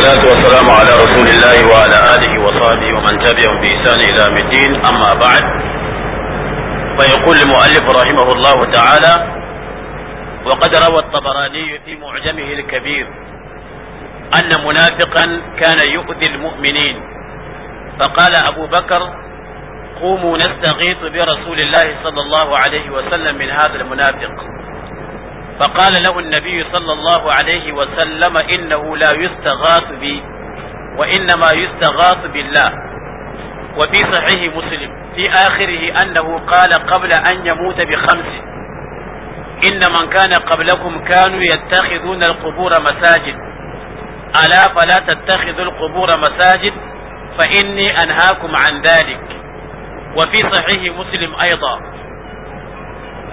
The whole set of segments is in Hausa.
والصلاة والسلام على رسول الله وعلى آله وصحبه ومن تبعهم بإحسان إلى الدين أما بعد فيقول المؤلف رحمه الله تعالى وقد روى الطبراني في معجمه الكبير أن منافقا كان يؤذي المؤمنين فقال أبو بكر قوموا نستغيث برسول الله صلى الله عليه وسلم من هذا المنافق فقال له النبي صلى الله عليه وسلم إنه لا يستغاث بي وإنما يستغاث بالله وفي صحيح مسلم في آخره أنه قال قبل أن يموت بخمس إن من كان قبلكم كانوا يتخذون القبور مساجد ألا فلا تتخذوا القبور مساجد فإني أنهاكم عن ذلك وفي صحيح مسلم أيضا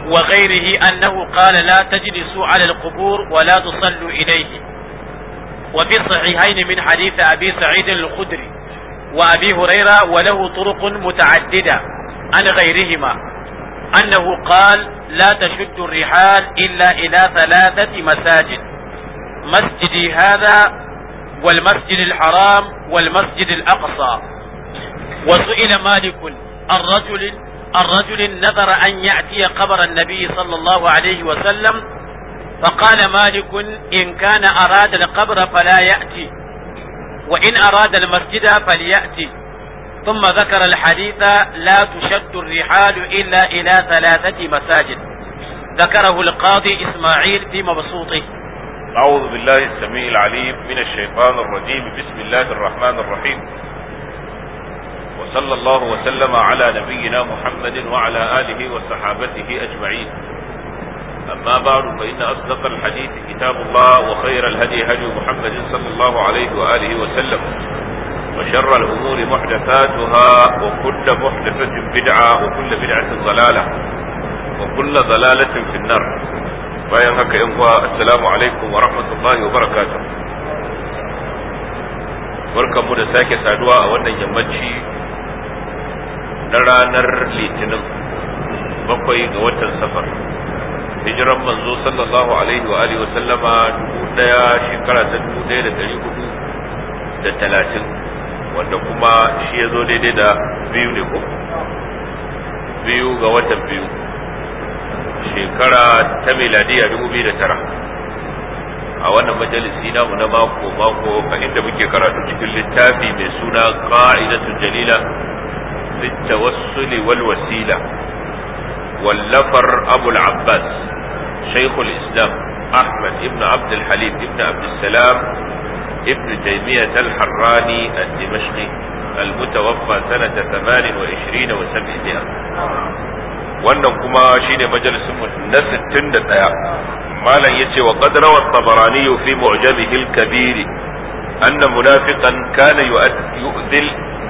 وغيره أنه قال لا تجلسوا على القبور ولا تصلوا إليه وفي الصحيحين من حديث أبي سعيد الخدري وأبي هريرة وله طرق متعددة عن غيرهما أنه قال لا تشد الرحال إلا إلى ثلاثة مساجد مسجدي هذا والمسجد الحرام والمسجد الأقصى وسئل مالك عن رجل الرجل نذر أن يأتي قبر النبي صلى الله عليه وسلم فقال مالك إن كان أراد القبر فلا يأتي وإن أراد المسجد فليأتي ثم ذكر الحديث لا تشد الرحال إلا إلى ثلاثة مساجد ذكره القاضي إسماعيل في مبسوطه أعوذ بالله السميع العليم من الشيطان الرجيم بسم الله الرحمن الرحيم وصلى الله وسلم على نبينا محمد وعلى آله وصحابته أجمعين أما بعد فإن أصدق الحديث كتاب الله وخير الهدي هدي محمد صلى الله عليه وآله وسلم وشر الأمور محدثاتها وكل محدثة بدعة وكل بدعة ضلالة وكل ضلالة في النار bayan haka yan uwa assalamu alaikum wa rahmatullahi wa da sake saduwa a wannan yammaci na ranar litinin bakwai ga watan safar hijiran manzo sallallahu alaihi wa alihi wa sallama dubu daya shekara ta dubu daya da dari hudu da talatin wanda kuma shi ya zo daidai da biyu ne ko biyu ga watan biyu shekara ta miladiya dubu biyu da tara a wannan majalisi namu na mako mako a inda muke karatu cikin littafi mai suna ka'idatun jalila بالتوسل والوسيلة واللفر أبو العباس شيخ الإسلام أحمد ابن عبد الحليم ابن عبد السلام ابن تيمية الحراني الدمشقي المتوفى سنة ثمان وعشرين وسبعمائة wannan kuma شيني مجلس na 61 malam yace wa qad rawa at-tabarani fi mu'jamihi al-kabir anna munafiqan kana yu'dhil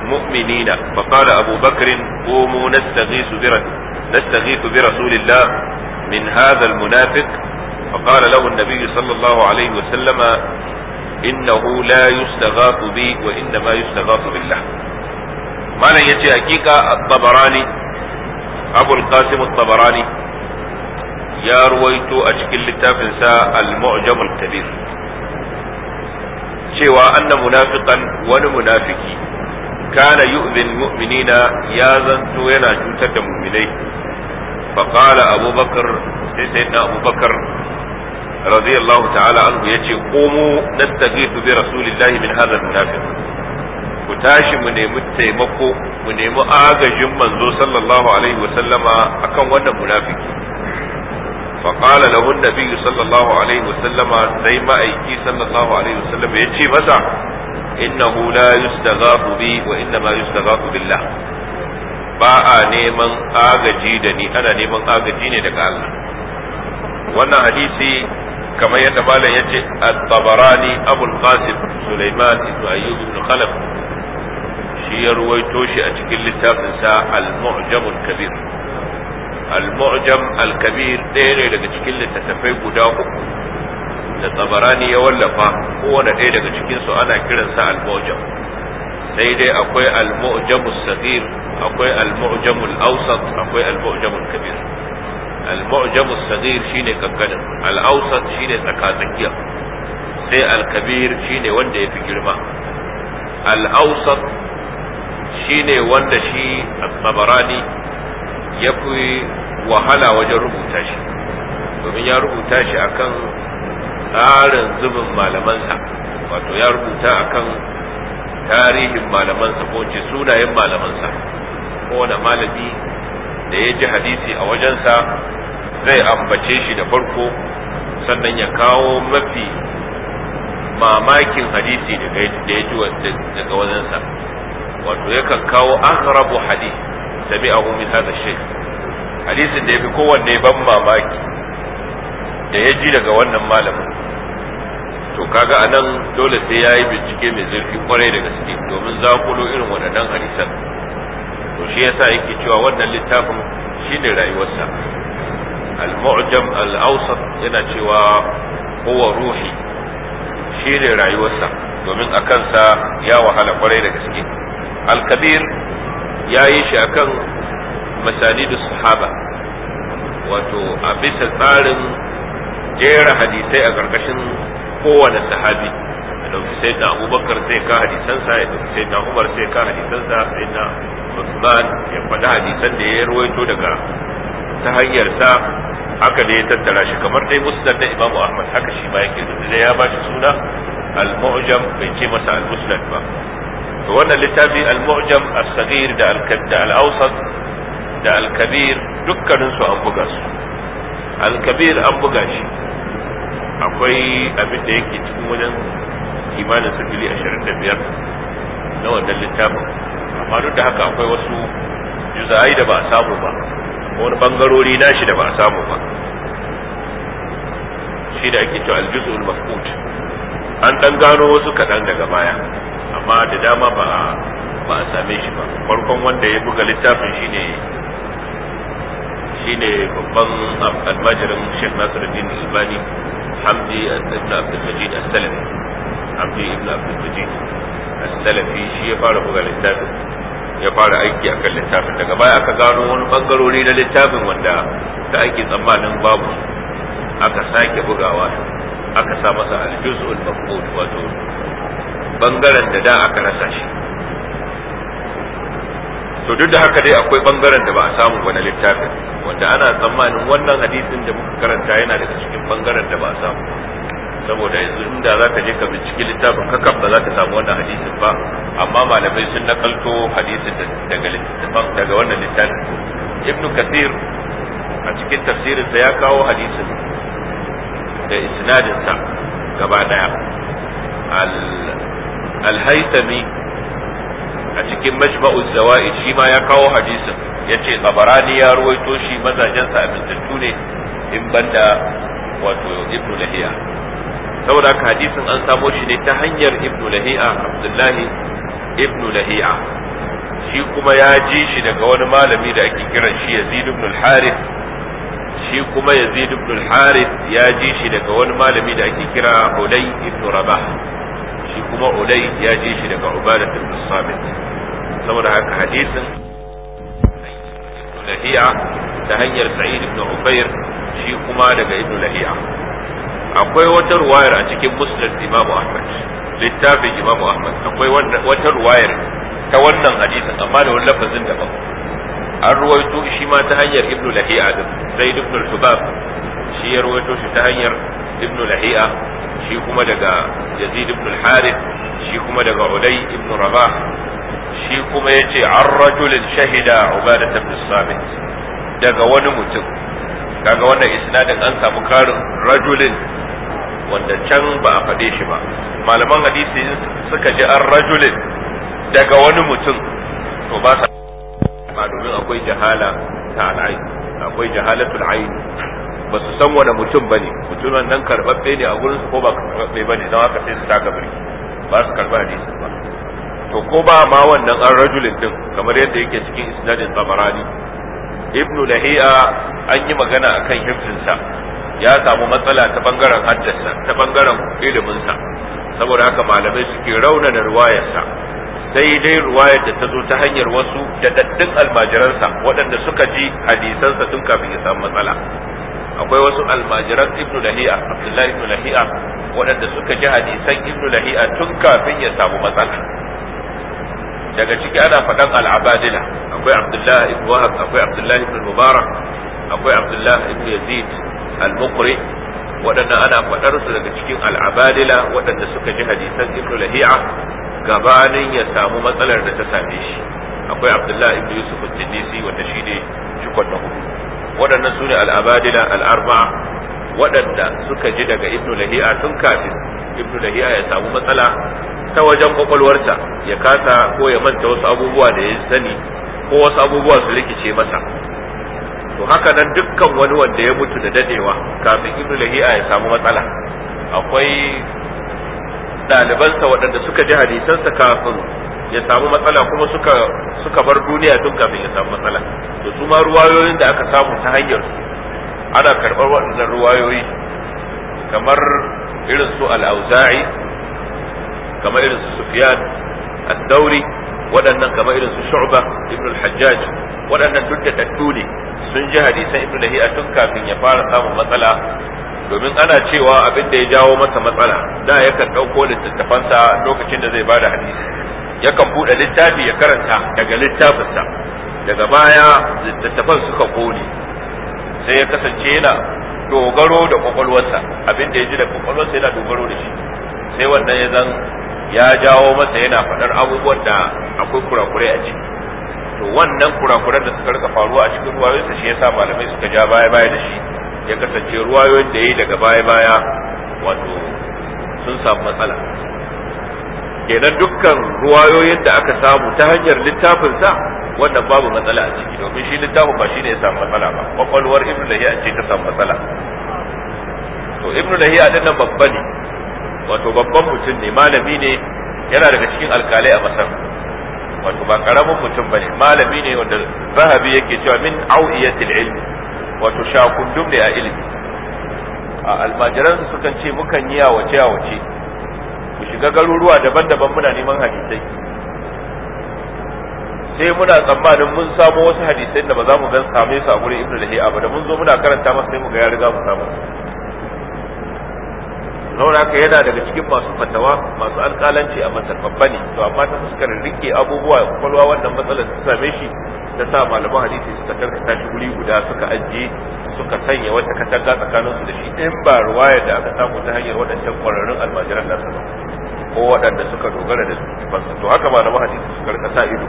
المؤمنين فقال أبو بكر قوموا نستغيث نستغيث برسول الله من هذا المنافق فقال له النبي صلى الله عليه وسلم إنه لا يستغاث بي وإنما يستغاث بالله ما لن يتي الطبراني أبو القاسم الطبراني يا رويت أشكل لتافنسا المعجم الكبير شوى أن منافقا wani kana yu'zin mu'minina ya zanto yana cutar da mu'minai fa qala abubakar sai sayyidina abubakar radiyallahu ta'ala anhu yace qumu nastaghiithu bi rasulillahi min hadha al-munafiq ku tashi mu nemi taimako mu nemi agajin manzo sallallahu alaihi wa sallama akan wannan munafiki fa qala lahu an-nabi sallallahu alaihi wa sallama sai ma'aiki sallallahu alaihi yace masa innahu la yustaghafu bi wa inna ma yustaghafu billah ba a neman agaji da ni ana neman agaji ne daga Allah wannan hadisi kamar yadda malam ya ce at-tabarani abul qasim sulaiman ibn khalaf shi ya ruwaito shi a cikin littafin sa al-mu'jam al-kabir al-mu'jam al-kabir ɗaya ne daga cikin littattafai guda uku da tsabarani ya wallafa kowane ɗaya daga cikinsu ana kiransa al-mu'jam sai dai akwai al-mu'jamul saghir akwai al-mu'jamul awsat akwai al-mu'jamul kabir al-mu'jamul saghir shine kankanin al-awsat shine tsakatsakiya sai al-kabir shine wanda ya fi girma al-awsat shine wanda shi tsabarani ya fi wahala wajen rubuta shi domin ya rubuta shi akan tsarin zubin malamansa wato ya rubuta akan tarihin malamansa ko ce sunayen malamansa kowane malami da ya ji hadisi a wajensa zai ambace shi da farko sannan ya kawo mafi mamakin hadisi daga ya ji daga wajensa wato yakan kawo an rabu hadi sami abu da shi. hadisin da ya fi kowanne ban mamaki da ya ji daga wannan malamin to kaga anan dole sai yi bincike mai zurfi kwarai da gaske domin za zakulo irin waɗannan hadisan to shi yasa yake cewa wannan littafin shine rayuwarsa al-mu'jam al-awsat yana cewa huwa ruhi shine rayuwarsa domin a kansa ya wahala kwarai da gaske al-kabir ya yi shi akan masanidus sahaba wato a bisa tsarin jera hadisai a ƙarƙashin kowane sahabi ya dauki sai da abubakar sai ka hadisansa ya dauki sai da umar sai ka hadisansa sai da usman ya faɗi hadisan da ya rawaito daga ta hanyar sa haka ne ya tattara shi kamar dai musnad na imamu ahmad haka shi ma yake da ya ba shi suna al-mu'jam bai ce masa al-musnad ba to wannan littafi al-mu'jam as-saghir da al-awsat da al-kabir dukkanin su an buga su al-kabir an buga shi akwai abin da yake cikin wajen kimanin sifili ashirin da biyar na wannan littafin amma duk da haka akwai wasu juza'ai da ba a samu ba wani bangarori nashi da ba a samu ba shi da ake cewa aljuzul mafqut an dan gano wasu kaɗan daga baya amma da dama ba ba a same shi ba farkon wanda ya buga littafin shine shine babban almajirin Sheikh Nasiruddin Albani عبدي ابن عبد المجيد السلفي عبدي ابن عبد shi ya fara buga littafin ya fara aiki akan littafin daga baya aka gano wani bangarori na littafin wanda da ake tsammanin babu aka sake bugawa aka sa masa aljuz'ul mafqud wato bangaren da da aka rasa shi to duk da haka dai akwai bangaren da ba a samu ba na littafin wanda ana tsammanin wannan hadisin da muka karanta yana daga cikin bangaren da ba a samu saboda yanzu inda za ka je ka binciki littafin kakaf ba za ka samu wannan hadisin ba amma malamai sun nakalto hadisin daga littafin daga wannan littafin ibn kathir a cikin tafsirinsa ya kawo hadisin da isnadinsa gaba daya al-haythami a cikin majma'u zawaid shi ma ya kawo hadisin yace tabarani ya ruwaito shi mazajen sa amintattu ne in banda wato ibnu lahiya saboda ka hadisin an samo shi ne ta hanyar ibnu lahiya abdullahi ibnu lahiya shi kuma ya ji shi daga wani malami da ake kiran shi yazid ibn al-harith shi kuma yazid ibn al-harith ya ji shi daga wani malami da ake kira hulay ibn rabah shi kuma ulai ya ji shi daga ubadat ibn sabit saboda haka hadisin lahiya ta hanyar sa'id ibn ubayr shi kuma daga ibn lahiya akwai wata ruwayar a cikin musnad imamu ahmad littafin imamu ahmad akwai wata ruwayar ta wannan hadisin amma da wannan lafazin daban an ruwaito shi ma ta hanyar ibn lahiya din zaid ibn al-hubab shi ya ruwaito shi ta hanyar ibn lahiya shi kuma daga yazid ibn harith shi kuma daga ulay ibn rabah shi kuma yace an rajulin shahida ubadat ibn sabit daga wani mutum kaga wannan isnadin an samu karin rajulin wanda can ba a faɗe shi ba malaman hadisi suka ji an rajulin daga wani mutum to ba sa domin akwai jahala ta al'ain akwai jahalatul ain ba su san wani mutum ba ne mutumin nan karɓaɓɓe ne a gurin su ko ba karɓaɓɓe ba ne don haka sai su taka birki ba su karɓa hadisin ba to ko ba ma wannan an rajulin din kamar yadda yake cikin isnadin tabarani ibnu lahiya an yi magana akan hifzinsa ya samu matsala ta bangaren haddasa ta bangaren iliminsa saboda haka malamai suke raunana ruwayarsa sai dai ruwayar da ta zo ta hanyar wasu da daddun almajiransa waɗanda suka ji hadisansa tun kafin ya samu matsala akwai wasu almajiran ibnu lahiya abdullahi ibnu lahiya waɗanda suka ji hadisan ibnu lahiya tun kafin ya samu matsala daga ciki ana faɗan al'abadila akwai abdullahi ibnu wahab akwai abdullahi ibnu mubarak akwai abdullahi ibnu yazid al-muqri waɗanda ana faɗar su daga cikin al'abadila waɗanda suka ji hadisan ibnu lahiya gabanin ya samu matsalar da ta same shi akwai abdullahi ibnu yusuf al-tinisi wanda ne cikon na hudu waɗannan su ne al'abadila al'arba waɗanda suka ji daga ibnu lahiya tun kafin ibnu lahiya ya samu matsala ta wajen kwakwalwarsa ya kasa ko ya manta wasu abubuwa da ya sani ko wasu abubuwa su rikice masa to haka nan dukkan wani wanda ya mutu da dadewa kafin ibnu lahiya ya samu matsala akwai ɗalibansa waɗanda suka ji hadisansa kafin ya samu matsala kuma suka suka bar duniya tun kafin ya samu matsala to su ma ruwayoyin da aka samu ta hanyar su ana karɓar waɗannan ruwayoyi kamar irin su al-auza'i kamar irin su sufyan ad-dauri waɗannan kamar irin su shu'ba ibn al-hajjaj waɗannan duk da daddu ne sun ji hadisan ibn a tun kafin ya fara samun matsala domin ana cewa abin da ya jawo masa matsala da yakan ɗauko littattafansa lokacin da zai bada hadisi yakan buɗe littafi ya karanta daga littafinsa daga baya littattafan suka kone sai ya kasance yana dogaro da kwakwalwarsa abin da ya ji da kwakwalwarsa yana dogaro da shi sai wannan ya zan ya jawo masa yana faɗar abubuwan da akwai kurakurai a ciki to wannan kurakuran da suka rika faruwa a cikin ruwayoyinsa shi yasa malamai suka ja baya baya da shi ya kasance ruwayoyin da ya yi daga baya baya wato sun samu matsala kenan dukkan ruwayoyin da aka samu ta hanyar littafin sa wannan babu matsala a ciki domin shi littafin ba ne ya samu matsala ba kwakwalwar ibnu lahiya ce ta samu matsala to ibnu lahiya din nan babba ne wato babban mutum ne malami ne yana daga cikin alkalai a masar wato ba karamin mutum bane malami ne wanda zahabi yake cewa min au'iyatil ilmi wato shakundum ne a ilimi a almajiransu sukan ce mukan yi a wace a wace. mu shiga garuruwa daban-daban muna neman hadisai sai muna tsammanin mun samo wasu hadisai da ba za mu gan same su a gurin ibnu da ba da mun zo muna karanta masa sai mu ga ya riga mu samu saboda haka yana daga cikin masu fatawa masu alƙalanci a masar babba ne to amma ta fuskar rike abubuwa kwalwa wannan matsalar ta same shi ta sa malaman hadisi suka karkata shi guri guda suka ajiye suka sanya wata katanga tsakanin su da shi in ba ruwaya da aka samu ta hanyar waɗancan ƙwararrun almajiran nasu ba ko waɗanda suka dogara da su to haka malaman hadisi suka karkata ido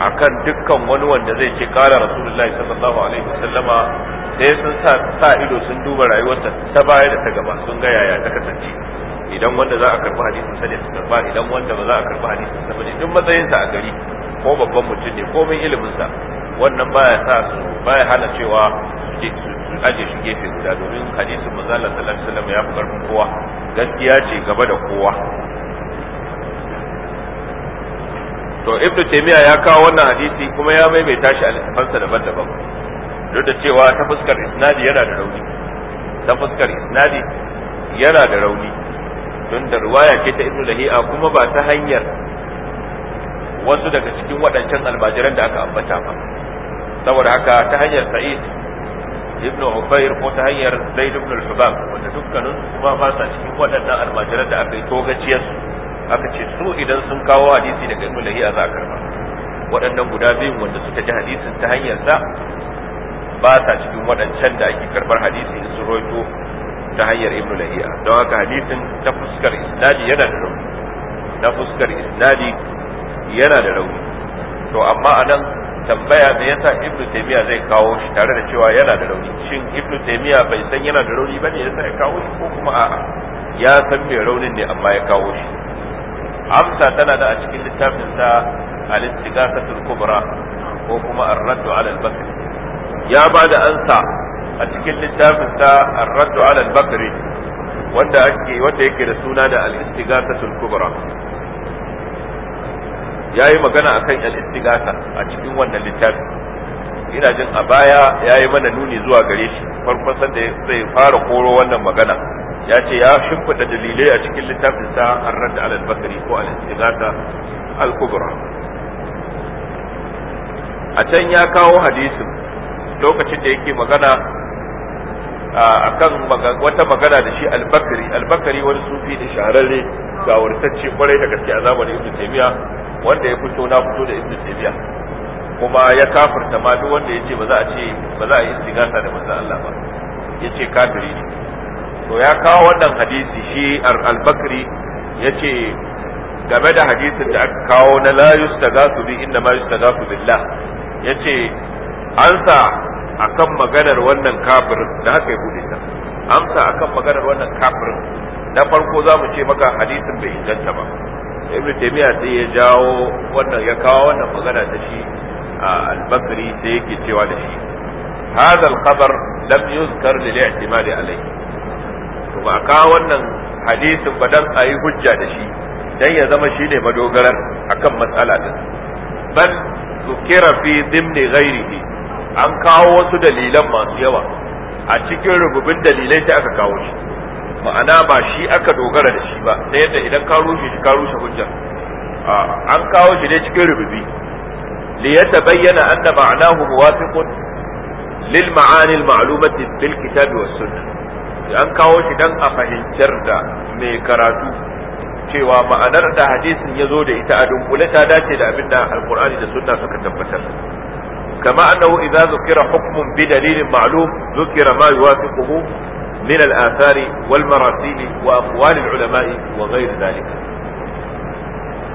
akan dukkan wani wanda zai ce kara rasulullahi sallallahu alaihi sallama sai sun sa ido sun duba rayuwarsa ta baya da ta gaba sun ga yaya ta kasance idan wanda za a karba hadisin sa ne su karba idan wanda ba za a karba hadisin sa bane duk matsayinsa a gari ko babban mutum ne ko min ilimin sa wannan baya sa su baya hana cewa su aje shi gefe guda domin hadisin manzo Allah sallallahu alaihi wasallam ya fi karfin kowa gaskiya ce gaba da kowa to ibnu taymiya ya kawo wannan hadisi kuma ya maimaita shi a littafansa daban-daban duk da cewa ta fuskar isnadi yana da rauni ta fuskar isnadi yana da rauni don da riwaya ce ta ibnu lahi'a kuma ba ta hanyar wasu daga cikin waɗancan almajiran da aka ambata ba saboda haka ta hanyar sa'id ibnu ufair ko ta hanyar zaid ibn al-hubab wanda dukkanin ba sa cikin waɗannan almajiran da aka yi togaciyar aka ce su idan sun kawo hadisi daga ibn lahiya za a karba waɗannan guda biyun wanda suka ji hadisin ta hanyar sa ba sa cikin waɗancan da ake karbar hadisi in sun roito ta hanyar ibn lahiya don haka hadisin ta fuskar isnadi yana da rauni na fuskar isnadi yana da rauni to amma anan tambaya me yasa ibnu taymiya zai kawo shi tare da cewa yana da rauni shin ibnu taymiya bai san yana da rauni bane yasa ya kawo shi ko kuma a'a ya san mai raunin ne amma ya kawo shi amsa tana da a cikin littafin sa al-istighasatul kubra ko kuma ar-radd ala al bakr ya ba da ansa a cikin littafin sa ar-radd ala al bakr wanda ake wanda yake da suna da al-istighasatul kubra yayi magana akan al-istighasa a cikin wannan littafin ina jin a baya yayi mana nuni zuwa gare shi farkon sanda zai fara koro wannan magana ya ce ya shimfida dalilai a cikin littafin sa an rada ala al-bakari ko al-istighatha al-kubra a can ya kawo hadisin lokacin da yake magana kan wata magana da shi al-bakari al-bakari wani sufi da shahararre ga wurtacce kwarai da gaske a zamanin ibnu taymiya wanda ya fito na fito da ibnu taymiya kuma ya kafirta ma duk wanda ya ce ba za a ce ba za a yi istighatha da manzon Allah ba yace kafiri ne to ya kawo wannan hadisi shi al-bakri yace game da hadisin da aka kawo na la yustagasu bi inna ma yustagasu billah yace an sa akan maganar wannan kafirin da haka ya bude ta amsa akan maganar wannan kafirin na farko za mu ce maka hadisin bai inganta ba ibn taymiya sai ya jawo wannan ya kawo wannan magana ta shi al-bakri sai yake cewa da shi al-khabar lam yuzkar lil للاعتماد alayhi to ba ka wannan hadisin ba dan a yi hujja da shi dan ya zama shine madogaran akan matsala din bal zukira fi dimni ghairihi an kawo wasu dalilan masu yawa a cikin rububin dalilai da aka kawo shi ma'ana ba shi aka dogara da shi ba ta yadda idan ka rushe shi ka rushe hujja an kawo shi ne cikin rububi li tabayyana anna ma'anahu muwafiqun lil ma'ani al ma'lumati bil kitabi was sunnah an kawo shi dan a fahimtar da mai karatu cewa ma'anar da hadisin ya zo da ita a dunkule ta dace da abin da alkur'ani da sunna suka tabbatar kama annahu idza zukira hukmun bi dalilin ma'lum zukira ma yuwafiquhu min al-athar wal marasil wa aqwal al-ulama wa ghayr dhalik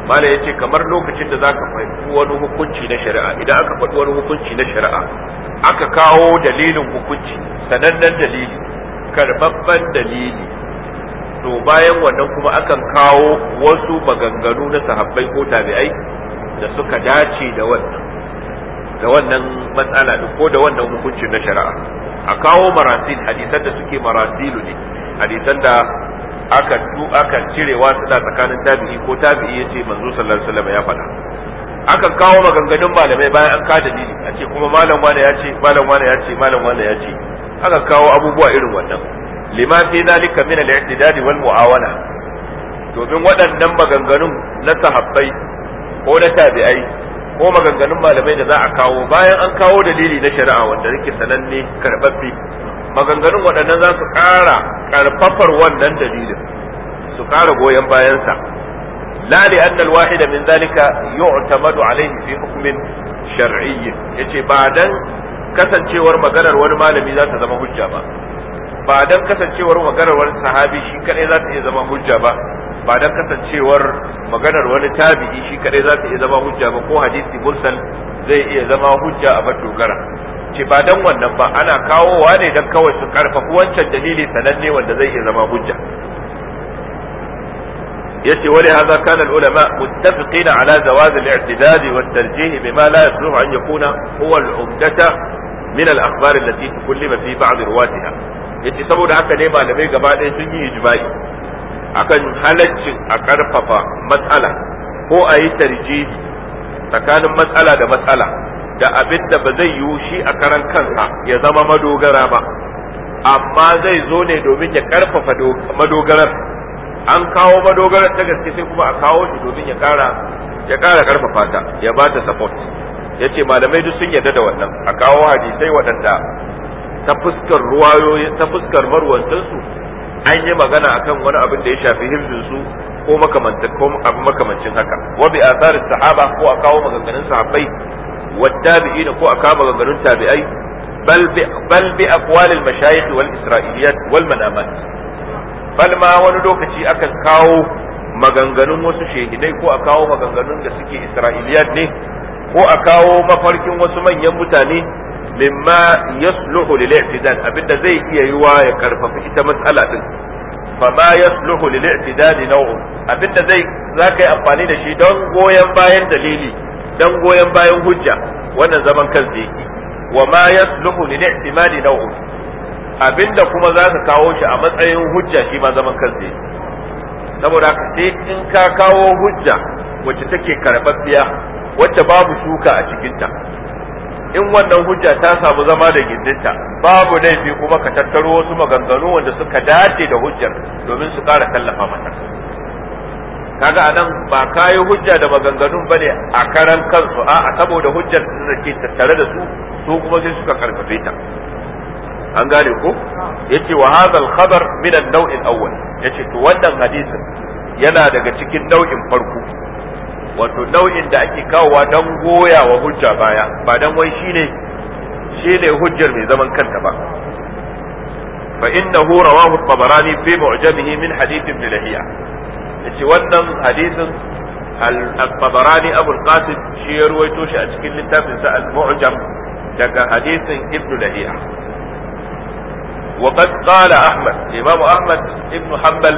mala yace kamar lokacin da zaka fahimci wani hukunci na shari'a idan aka faɗi wani hukunci na shari'a aka kawo dalilin hukunci sanannen dalili karbabban dalili to bayan wannan kuma akan kawo wasu maganganu na sahabbai ko tabi'ai da suka dace da wannan da wannan matsala da ko da wannan hukuncin na shari'a a kawo marasil hadisan da suke marasilu ne hadisan da aka tu aka cirewa suna tsakanin tabi'i ko tabi'i yace manzo sallallahu alaihi wasallam ya faɗa akan kawo maganganun malamai bayan an ka dalili a ce kuma malam wane ya ce malam wane ya ce malam wane ya ce aka kawo abubuwa irin wannan lima fi dalika min al-i'tidad wal mu'awana domin waɗannan maganganun na sahabbai ko na tabi'ai ko maganganun malamai da za a kawo bayan an kawo dalili na shari'a wanda yake sananne karbabbi maganganun waɗannan za su ƙara ƙarfafar wannan dalilin su ƙara goyon bayansa al-wahida min من yu'tamadu alayhi fi hukmin حكم yace ba dan. kasancewar maganar wani malami za ta zama hujja ba ba dan kasancewar maganar wani sahabi shi kadai za ta iya zama hujja ba ba dan kasancewar maganar wani tabi'i shi kadai za ta iya zama hujja ba ko hadisi mursal zai iya zama hujja a dogara ce ba dan wannan ba ana kawowa ne dan kawai su karfafa wancan dalili sananne wanda zai iya zama hujja yace wani haza kana ulama muttafiqina ala jawaz al-i'tidal wa at-tarjih bima la yasruhu an yakuna huwa al-umdata min al-akhbar allati tukullima fi ba'd ruwatiha yace saboda haka ne malamai gaba ɗaya sun yi ijma'i akan halaccin a karfafa matsala ko a yi tarji tsakanin matsala da matsala da abin da ba zai yiwu shi a karan kansa ya zama madogara ba amma zai zo ne domin ya karfafa madogarar an kawo madogarar ta gaske sai kuma a kawo shi domin ya kara ya karfafa ta ya bata ta support yace malamai duk sun yarda da wannan a kawo hadisai waɗanda ta fuskar ruwayoyi ta fuskar marwantansu an yi magana akan wani abin da ya shafi hirzin su ko makamantar ko abu makamancin haka wa bi asar sahaba ko a kawo maganganun sahabbai wa tabi'ina ko a kawo maganganun tabi'ai bal bi bal bi aqwal al mashayikh wal isra'iliyat wal manamat bal ma wani lokaci akan kawo maganganun wasu shehidai ko a kawo maganganun da suke isra'iliyat ne ko a kawo mafarkin wasu manyan mutane mimma yasluhu lil i'tidal abinda zai iya yiwa ya karfafa ita matsala din ma yasluhu lil i'tidal abinda zai zakai yi amfani da shi don goyen bayan dalili don goyen bayan hujja wannan zaman kan zai wa ma yasluhu lil i'timadi naw'un abinda kuma zaka kawo shi a matsayin hujja shi ma zaman kan zai saboda haka sai in ka kawo hujja wacce take karbabbiya wacce babu shuka a cikinta in wannan hujja ta samu zama da gindinta babu laifi kuma ka tattaro wasu maganganu wanda suka dace da hujjar domin su ƙara tallafa mata kaga anan ba kayi hujja da maganganun bane a karan kansu a'a saboda hujjar da ke tattare da su su kuma sai suka karfafe ta an gane ko yace wa hadha khabar min an-naw' al-awwal yace to wannan hadisin yana daga cikin nau'in farko wato nau'in da ake kawowa don goya wa hujja baya ba don wai shi ne shi ne hujjar mai zaman kanta ba fa inna hu rawahu tabarani fi mu'jamihi min hadith ibn lahiya yace wannan hadithin al-tabarani abu al-qasim shi ya ruwaito shi a cikin littafin sa al-mu'jam daga hadithin ibn lahiya وقد قال أحمد إمام أحمد ابن حنبل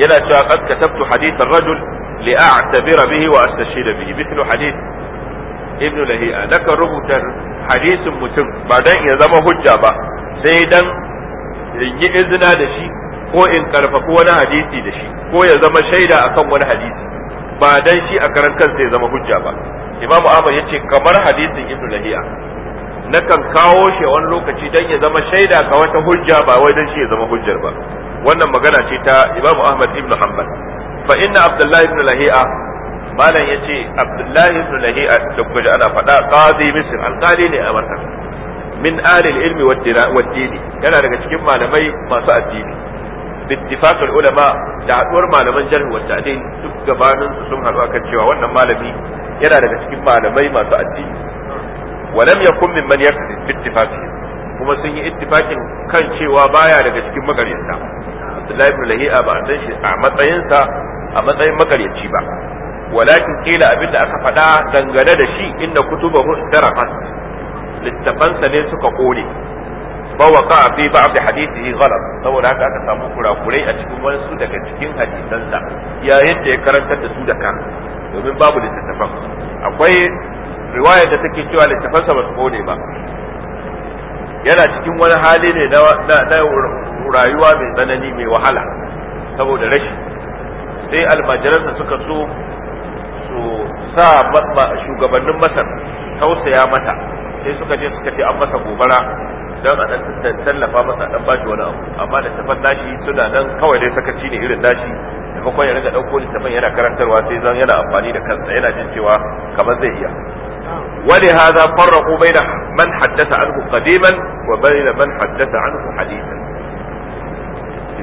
إلى قد كتبت حديث الرجل لأعتبر به wa به مثل حديث hadith ibnu لك ربط rubuta hadisin mutum ba dan ya zama hujja ba sai dan in yi izina da shi ko in karfafi wani hadisi da shi ko ya zama shaida akan wani hadisi ba dan shi a karan kansa ya zama hujja ba imam ahmad yace kamar hadisin ibnu na kan kawo shi wani lokaci dan ya zama shaida ga wata hujja ba wai dan shi ya zama hujjar ba wannan magana ce ta imam ahmad ibnu hanbal fa inna abdullahi ibn lahi'a malam yace abdullahi ibn lahi'a da kuka ji ana faɗa qadi misr alqali ne a masar min ahli ilmi wad dini yana daga cikin malamai masu addini باتفاق العلماء da haduwar malaman jarh wa duk gabanin su sun cewa wannan malami yana daga cikin malamai masu addini wa lam yakun mimman yaqdi kuma sun yi ittifakin kan cewa baya daga cikin magaryata Abdullahi ibn Lahi'a ba san shi a matsayinsa a matsayin makaryaci ba walakin kila abin da aka faɗa dangane da shi inda kutubahu darafat littafansa ne suka kone fa ka fi hadisi yi galab saboda haka aka samu kurakurai a cikin wani su daga cikin hadisansa yayin da ya karantar da su da ka domin babu littattafan akwai riwaya da take cewa littafansa ba su kone ba yana cikin wani hali ne na rayuwa mai tsanani mai wahala saboda rashin sai almajiransa suka so su sa shugabannin masar tausaya mata sai suka je suka ce an masa gobara don a dan tallafa masa dan bashi wani abu amma da tafan nashi suna nan kawai dai sakaci ne irin nashi da bakon ya riga dauko littafin yana karantarwa sai zan yana amfani da kansa yana jin cewa kamar zai iya fara ko bai da man haddatha anhu qadiman wa da man an anhu hadisan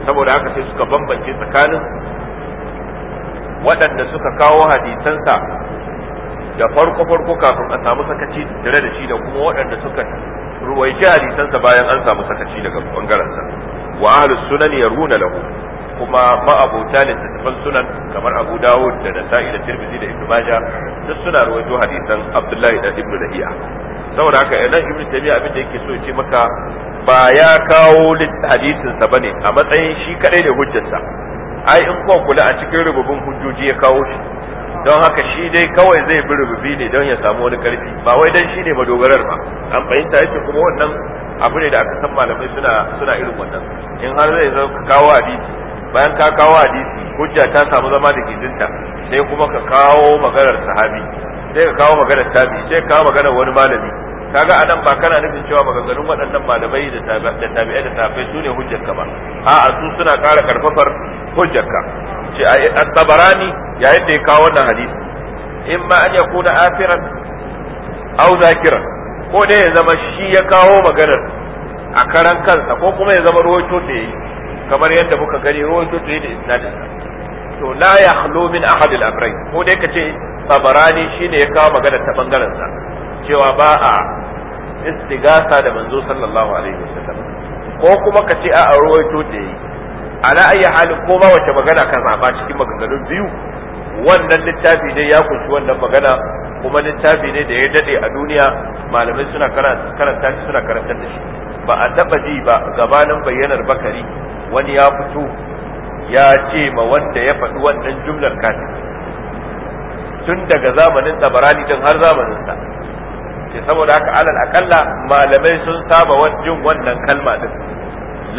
saboda haka sai suka bambance tsakanin waɗanda suka kawo hadisansa da farko farko kafin a samu sakaci tare da shi da kuma waɗanda suka ruwaici hadisansa bayan an samu sakaci daga bangarensa wa ahlus sunan yaruna lahu kuma ma'abota littattafan sunan kamar Abu Dawud da Nasa'i da Tirmidhi da ibnu Majah duk suna ruwaito hadisan Abdullahi da ibnu saboda haka idan ibnu Taymiyyah abin da yake so ya ce maka ba ya kawo hadisin sa bane a matsayin shi kadai ne hujjarsa ai in kuwa kula a cikin rububin hujjoji ya kawo shi don haka shi dai kawai zai bi rububi ne don ya samu wani karfi ba wai dan shi ne madogarar ba an fahimta yake kuma wannan abu ne da aka san malamai suna suna irin wannan in har zai zo ka kawo hadisi bayan ka kawo hadisi hujja ta samu zama da gizinta sai kuma ka kawo maganar sahabi sai ka kawo maganar tabi sai ka kawo maganar wani malami kaga anan ba kana nufin cewa maganganun waɗannan malamai da tabi'ai da tafai su ne hujjarka ba a'a su suna ƙara karfafar hujjarka ce a tabarani yayin da ya kawo wannan hadisi in ma an na afiran au zakiran ko dai ya zama shi ya kawo maganar a karan kansa ko kuma ya zama ruwaito da yayi kamar yadda muka gani ruwaito da yayi da isnadin to la yahlu min ahad al-amrayn ko dai kace tabarani shine ya kawo maganar ta bangaren sa cewa ba a istigasa da manzo sallallahu alaihi wasallam ko kuma ka ce a a ruwaito da yi ala ayi halin ko ba wace magana ka zaba cikin maganganun biyu wannan littafi ne ya kunshi wannan magana kuma littafi ne da ya dade a duniya malamai suna karanta shi suna karantar da shi ba a taba ji ba gabanin bayyanar bakari wani ya fito ya ce ma wanda ya faɗi wannan jumlar kafin tun daga zamanin tabarani din har zamanin sa ce saboda haka alal akalla malamai sun saba jin wannan kalma din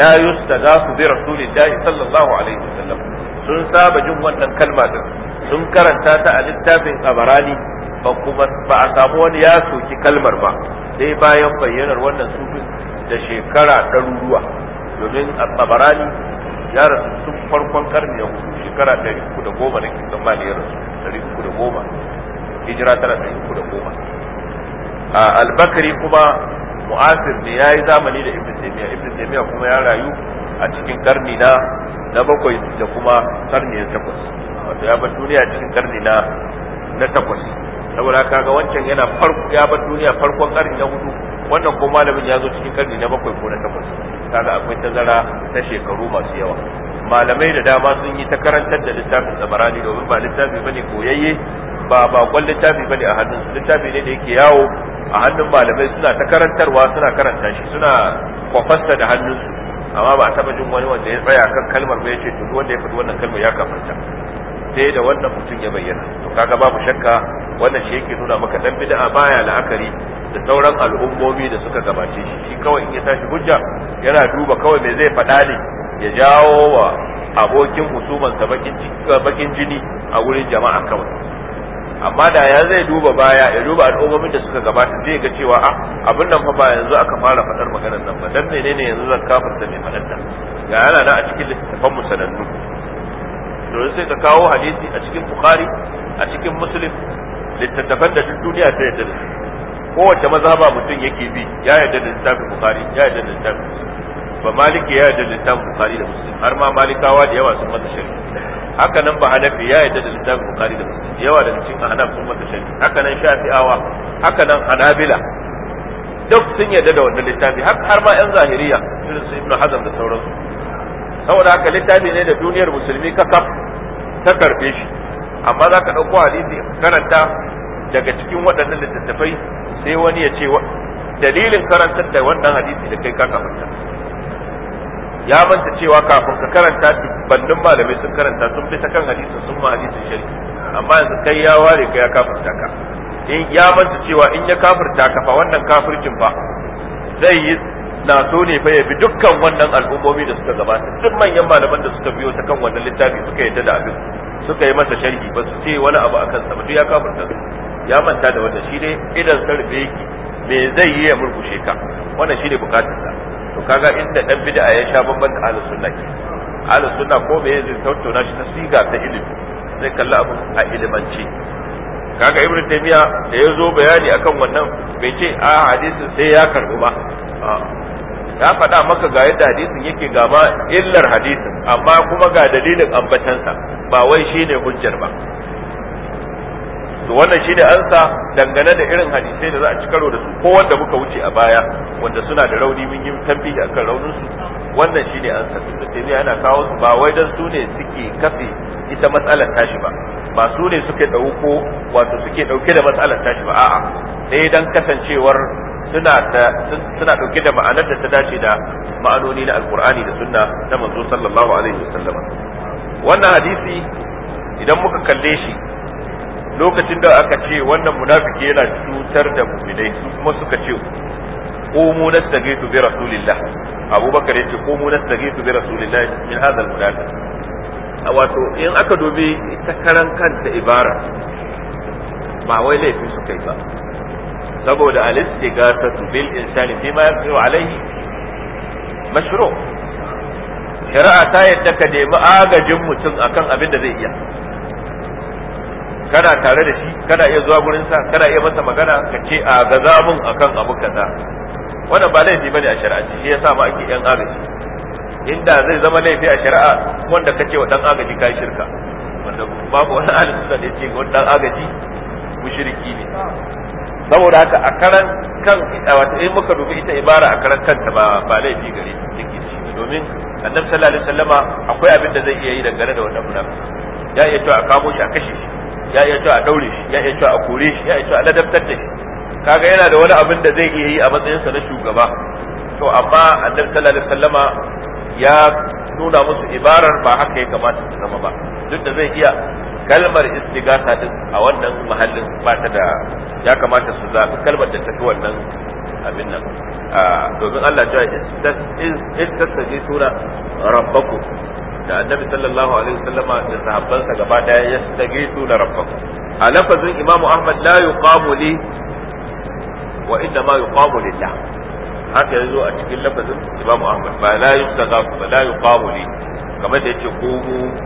la yustaghafu bi rasulillahi sallallahu alaihi wasallam sun saba jin wannan kalma din sun karanta ta a littafin tabarani ba kuma ba a samu wani ya soki kalmar ba sai bayan bayyanar wannan sufin da shekara ɗaruruwa domin a tabarani ya rasu sun farkon karni na hudu shekara ɗari uku da goma na kisan maliyar ya rasu ɗari da goma hijira tana ɗari uku da goma albakari kuma mu'asir ne ya yi zamani da ibn taymiya ibn taymiya kuma ya rayu a cikin karni na na bakwai da kuma karni na takwas wato ya bar duniya cikin karni na na takwas saboda kaga wancan yana farko ya bar duniya farkon karni na hudu wannan ko malamin ya zo cikin karni na bakwai ko na takwas kaga akwai tazara ta shekaru masu yawa malamai da dama sun yi ta karantar da littafin tsabarani domin ba littafi bane koyayye ba bakon littafi bane a hannun littafi ne da yake yawo a hannun malamai suna ta karantarwa suna karanta shi suna kwafasta da hannun su amma ba taba jin wani wanda ya tsaya kan kalmar ba yace duk wanda ya faɗi wannan kalmar ya kafarta sai da wannan mutum ya bayyana to kaga babu shakka wannan shi yake nuna maka dan bid'a baya la'akari da sauran al'ummomi da suka gabace shi shi kawai in ya tashi hujja yana duba kawai me zai faɗa ne ya jawo wa abokin husuman sa bakin jini a wurin jama'a kawai amma da ya zai duba baya ya duba al'ummomin da suka gabata zai ga cewa a ah, abin nan fa ba yanzu aka fara faɗar maganar nan ba dan menene yanzu zan kafa da mai faɗar nan ga yana nan a cikin littafan musanannu to sai ka kawo hadisi a cikin bukhari a cikin muslim littattafan da duk duniya ta yadda da su kowace mazhaba mutum yake bi ya yadda da littafin bukhari ya yadda da littafin ba maliki ya yadda da littafin bukhari da muslim har ma malikawa da yawa sun masa shari'a haka nan ba hanafi ya yi da littafin bukari da muslim yawa da cikin ahnaf sun masa shafi haka nan shafi'awa haka nan hanabila duk sun yadda da wannan littafi har ma yan zahiriya irin su ibnu hazm da sauransu saboda haka littafi ne da duniyar musulmi kakaf ta karbe shi amma za ka ɗauko hadisi karanta daga cikin waɗannan littattafai sai wani ya ce dalilin karantar da wannan hadisi da kai ka kamanta ya manta cewa kafin ka karanta bannin malamai sun karanta sun bi ta kan hadisin sun ma hadisin shari'a amma yanzu kai ya ware ka ya kafirta ka in ya manta cewa in ya kafirta ka fa wannan kafircin fa zai yi na so ne fa ya bi dukkan wannan al'ummomi da suka gabata duk manyan malaman da suka biyo ta kan wannan littafi suka yadda da abin suka yi masa sharhi ba su ce wani abu akan sa ba duk ya kafirta ya manta da wannan shi ne idan sarbe yake me zai yi ya murkushe ka wannan shi ne bukatarsa to kaga inda dan bid'a ya sha babban da ahlus sunna ke ahlus sunna ko me zai tattauna shi ta siga ta ilimi zai kalli abu a ilimance kaga ibnu taymiya da ya zo bayani akan wannan bai ce a hadisin sai ya karbu ba ya faɗa maka ga yadda hadisin yake gama illar hadisin amma kuma ga dalilin ambatansa ba wai shine hujjar ba to wannan shine ansa dangane da irin hadisai da za a ci karo da su ko wanda muka wuce a baya wanda suna da rauni mun yi tambayi akan raunin su wannan shine ansa duk da tayi ana kawo su ba wai dan su ne suke kafe ita matsalar tashi ba ba su ne suke dauko wato suke dauke da matsalar tashi ba a'a sai dan kasancewar suna da suna dauke da ma'anar da ta dace da ma'anoni na alqur'ani da sunna ta manzo sallallahu alaihi wasallam wannan hadisi idan muka kalle shi lokacin da aka ce wannan munafiki yana cutar da mu'minai su kuma suka ce qumu nastaghiithu bi rasulillah abubakar yace qumu nastaghiithu bi rasulillah min hadha al-munafiq wato in aka dubi ta karan kanta ibara ba wai laifin su kai ba saboda al-istighathatu bil insani ma yaqiru alayhi mashru' shari'a ta yadda ka nemi agajin mutum akan abin da zai iya kana tare da shi kana iya zuwa gurin sa kana iya masa magana ka ce a gaza mun akan abu kaza wannan ba laifi bane a shari'a shi yasa ma ake yan agaji inda zai zama laifi a shari'a wanda kace wa dan agaji ka shirka wanda babu wani alim da ya ce dan agaji mushriki ne saboda haka a karan kan wato in muka dubi ita ibara a karan kanta ba ba laifi gare take shi domin annabi sallallahu alaihi wasallama akwai abin da zai iya yi dangane da wannan munafiki ya iya to a kamo shi a kashe shi ya iya cewa a daure shi ya iya cewa a kore shi ya iya cewa a ladabtar da shi kaga yana da wani abin da zai iya yi a matsayinsa na shugaba to amma annabi sallallahu alaihi wasallama ya nuna musu ibarar ba haka ya kamata su zama ba duk da zai iya kalmar istigasa din a wannan mahallin ba ta da ya kamata su zaɓi kalmar da ta fi wannan abin nan ah, domin Allah ya istasji sura rabbakum da annabi sallallahu alaihi wasallama da sahabbansa gaba daya ya stage su da rabbakum a lafazin imam ahmad la yuqamu li wa inna ma yuqamu lillah haka yazo a cikin lafazin imam ahmad ba la yustagafu ba la yuqamu li kamar da yake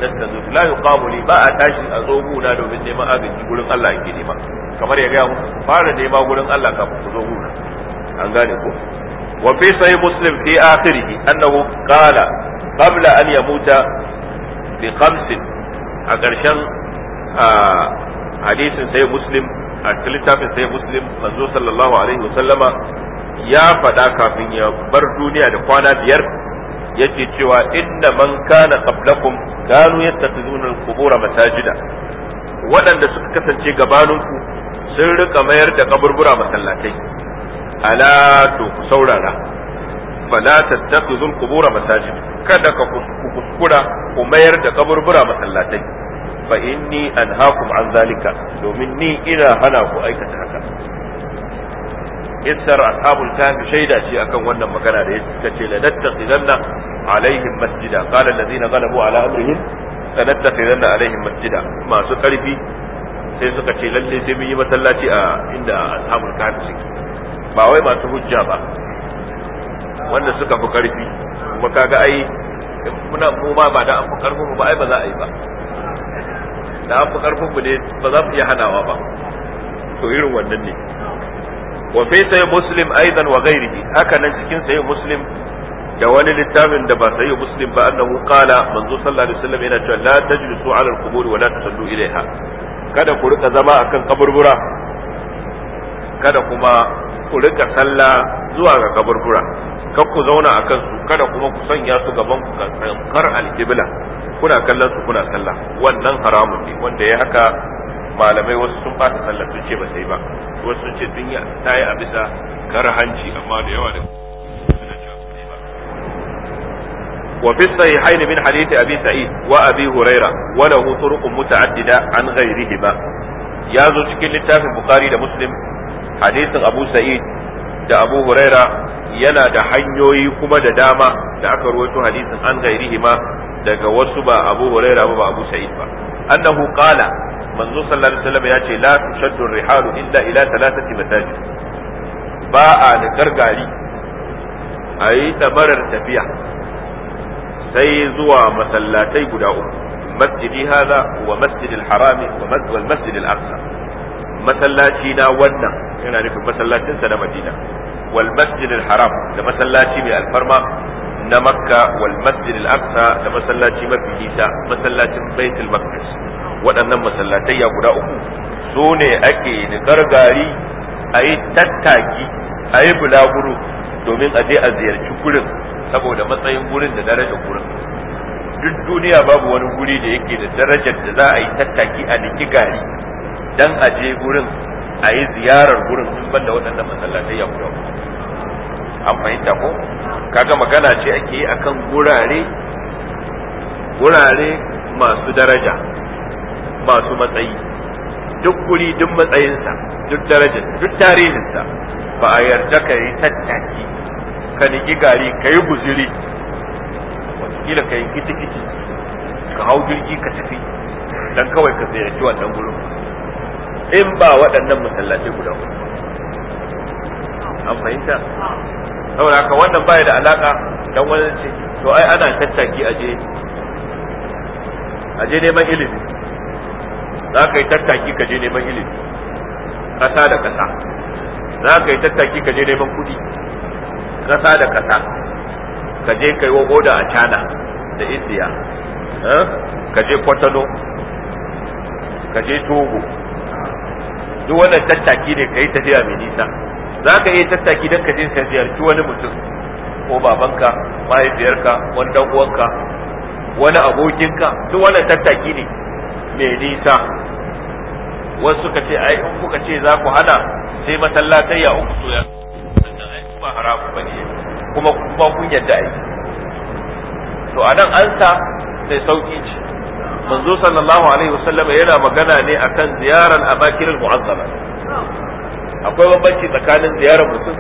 da nastazu la yuqamu li ba a tashi a zo na domin neman agaji gurin Allah yake nema kamar ya ga muku fara nema gurin Allah kafin ku zo guna an gane ko wa وفي sahih muslim fi akhirih annahu qala qabla an yamuta bi khamsin a ƙarshen hadisin sai muslim a littafin sai muslim manzo sallallahu alaihi wasallama ya faɗa kafin ya bar duniya da kwana biyar Ya ce cewa inna man kana qablakum kanu yattakhizuna al-qubur masajida waɗanda suka kasance gabaninku sun rika mayar da kaburbura masallatai ala to ku saurara fala tattakhizul qubur masajid kada ka kuskura ku mayar da kaburbura masallatai fa inni anhaakum an zalika domin ni ina hana ku aikata haka isar ashabul kahfi shaida ce akan wannan magana da yake ce la nattakhidanna alaihim masjida qala allazina ghalabu ala amrihim sanattakhidanna alaihim masjida masu karfi sai suka ce lalle sai mun yi masallaci a inda ashabul kahfi suke ba wai masu hujja ba wanda suka fi karfi kuma kaga ai muna mu ba ba da an fi karfin mu ba ai ba za a yi ba da an fi karfin mu ne ba za mu iya hanawa ba to irin wannan ne wa fi sai muslim aidan wa ghairihi haka nan cikin sai muslim da wani littafin da ba sai muslim ba annahu qala manzo sallallahu alaihi wasallam yana cewa la tajlisu ala al-qubur wa la tasallu kada ku rika zama akan kaburbura kada kuma ku rika sallah zuwa ga kaburbura kar ku zauna a kansu kada kuma ku sanya su gaban ku kar alkibla kuna kallon su kuna sallah wannan haramun ne wanda ya haka malamai wasu sun ba ta sallah sun ce ba sai ba wasu sun ce sun yi ta a bisa kar hanci amma da yawa da wa fi sahihaini min hadithi abi sa'id wa abi huraira wa lahu turuqun muta'addida an ghairihi ba yazo cikin littafin bukhari da muslim hadithin abu sa'id da abu huraira yana da hanyoyi kuma da dama da aka rawaito hadisin an gairihi ma daga wasu ba abu huraira ba abu sa'id ba annahu qala manzo sallallahu alaihi wasallam yace la tushaddu rihalu illa ila thalathati masajid ba a da gargari ayi tabarar tafiya sai zuwa masallatai guda uku masjidi hadha wa masjidil harami wa masjidil aqsa masallaci na wannan yana nufin masallacinsa na madina wal masjid haram da masallaci mai alfarma na makka wal masjid al-aqsa da masallaci mafi nisa masallacin baitul maqdis waɗannan masallatai ya guda uku su ne ake gargari a yi tattaki a yi bulaguro domin a je a ziyarci gurin saboda matsayin gurin da daraja gurin duk duniya babu wani guri da yake da darajar da za a yi tattaki a niki gari dan je gurin a yi ziyarar gurin in banda waɗannan masallatai ya kuwa an fahimta ko kaga magana ce ake yi akan gurare gurare masu daraja masu matsayi duk guri duk matsayinsa duk darajar duk tarihinsa ba a yarda ka yi tattaki ka niki gari ka yi guziri wataƙila ka yi kiti ka hau jirgi ka tafi dan kawai ka ziyarci wannan gurin in ba waɗannan masallatai guda uku an fahimta saboda haka wannan baya da alaka dan wani ce to ai ana tattaki aje aje neman ilimi za ka yi tattaki ka je neman ilimi ƙasa da ƙasa za ka yi tattaki ka je neman kuɗi ƙasa da ƙasa ka je ka yi wa oda a cana da india eh? ka je kwatano ka je togo duk wannan tattaki ne kai tafiya mai nisa za ka iya tattaki don ka je ka ziyarci wani mutum ko babanka mahaifiyarka wani dan uwanka wani abokinka duk wannan tattaki ne mai nisa wasu ka ce ai in kuka ce za ku hana sai masallatai ya uku soya ba haramu kuma kuma kun yadda ai to anan ansa sai sauki ce manzo sallallahu alaihi wasallam yana magana ne akan ziyarar abakin mu'azzama akwai bambanci tsakanin ziyarar mutum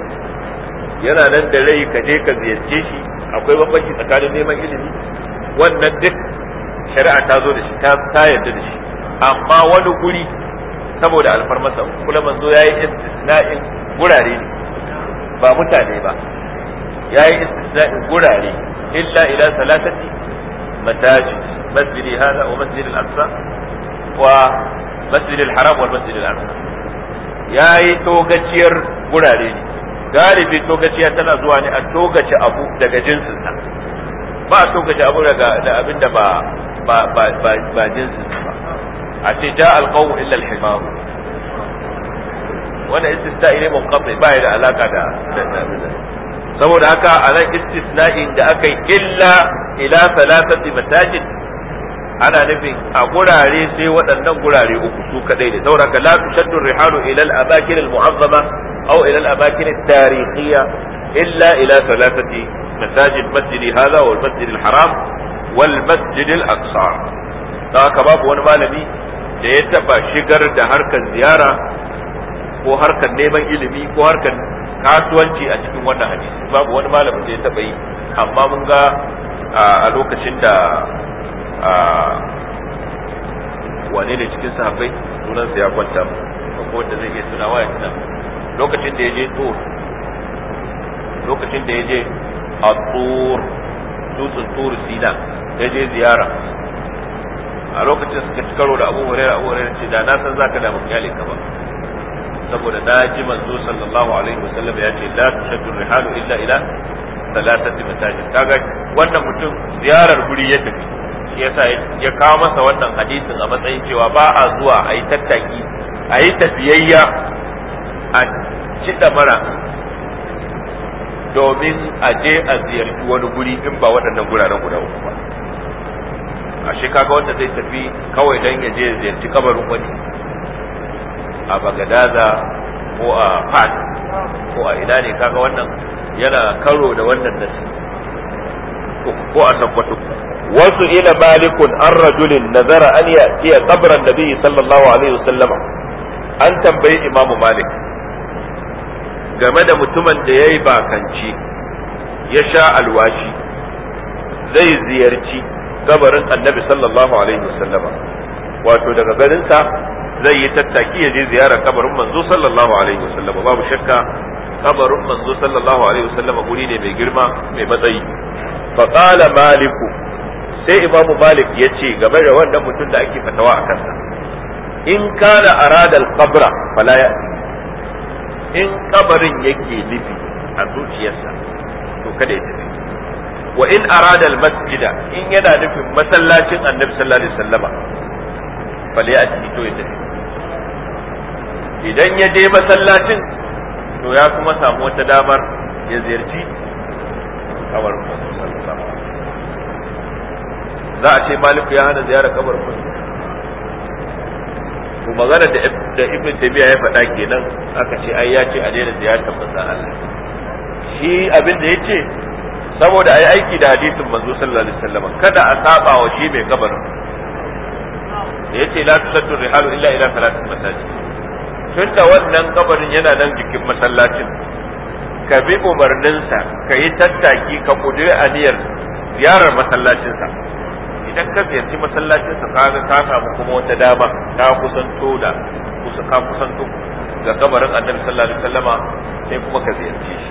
yana nan da rai ka je ka ziyarce shi akwai bambanci tsakanin neman ilimi wannan duk shari'a ta zo da shi ta yarda da shi amma wani guri saboda alfarmasa kula manzo yayi istisna'in gurare ne ba mutane ba yayi istisna'in gurare illa ila salatati مساجد مسجدي هذا ومسجد الأقصى ومسجد الحرام والمسجد الأقصى يا أي galibi tana zuwa ne a togace abu daga jinsin ba a togace abu daga da abin ba ba ba a ce ja alqawm illa alhimam wanda istisna ne mun ba ya da alaka da da saboda haka a nan istisna'in da aka yi illa ila salasati masajid ana nufin a gurare sai waɗannan gurare uku su kadai ne saboda haka la tushaddu rihalu ila al-abakin al-mu'azzama aw ila al-abakin at-tarihiyya illa ila salasati masajid masjidi hadha wal masjid al-haram wal masjid al-aqsa haka babu wani malami da ya taba shigar da harkar ziyara ko harkar neman ilimi ko harkar kasuwanci a cikin wannan hadisi babu wani malamin da ya taba yi amma mun ga a lokacin da wane ne cikin sahabbai sa ya kwanta ko wanda zai iya tunawa ya tuna lokacin da ya je tur lokacin da ya je a tur dutsen tur sina ya je ziyara a lokacin suka ci karo da abu hurairu abu hurairu ce da na san zaka da mun kyale ka ba saboda na ji manzo sallallahu alaihi wasallam ya ce la tushaddu rihalu illa ila salatati masajid kaga wannan mutum ziyarar guri ya tafi shi yasa ya kawo masa wannan hadisin a matsayin cewa ba a zuwa a yi tattaki a yi tafiyayya a ci mara domin a je a ziyarci wani guri in ba waɗannan guraren guda uku ba a shi kaga wanda zai tafi kawai dan ya je ziyarci kabarin wani a bagadaza ko a fat ko a ina ne kaga wannan yana karo da wannan nasi ko a tabbatu wasu ila malikun an rajulin nazara an ya iya kabran biyu sallallahu alaihi wasallama an tambayi imamu malik game da mutumin da ya yi bakanci ya sha alwashi zai ziyarci gabarin annabi sallallahu alaihi wasallama wato daga garinsa zai yi tattaki ya je ziyara kabarin manzo sallallahu alaihi wasallam babu shakka kabarin manzo sallallahu alaihi wasallam guri ne mai girma mai matsayi fa qala maliku sai imamu malik ya ce game da wannan mutum da ake fatawa a kansa in kana arada al-qabra fala ya in kabarin yake nufi a zuciyarsa to kada ya tafi wa in arada al-masjida in yana nufin masallacin annabi sallallahu alaihi wasallama falyati to ya tafi idan ya je masallacin to ya kuma samu wata damar ya ziyarci kabarin za a ce maliku ya hana ziyarar kabar manzo to magana da ibn tabiya ya faɗa kenan aka ce ai ya ce a daina ziyartar manzo Allah shi abin da yace saboda ai aiki da hadisin manzo sallallahu alaihi wasallam kada a saba wa shi mai kabarin da yace la tusaddu rihalu illa ila thalathati masajid tunda wannan kabarin yana nan jikin masallacin ka bi umarninsa ka yi tattaki ka kudiri aniyar ziyarar masallacinsa idan ka ziyarci masallacinsa kaga ka samu kuma wata dama ka kusanto da kusa ka kusanto ga kabarin annabi sallallahu alaihi wasallama sai kuma ka ziyarci shi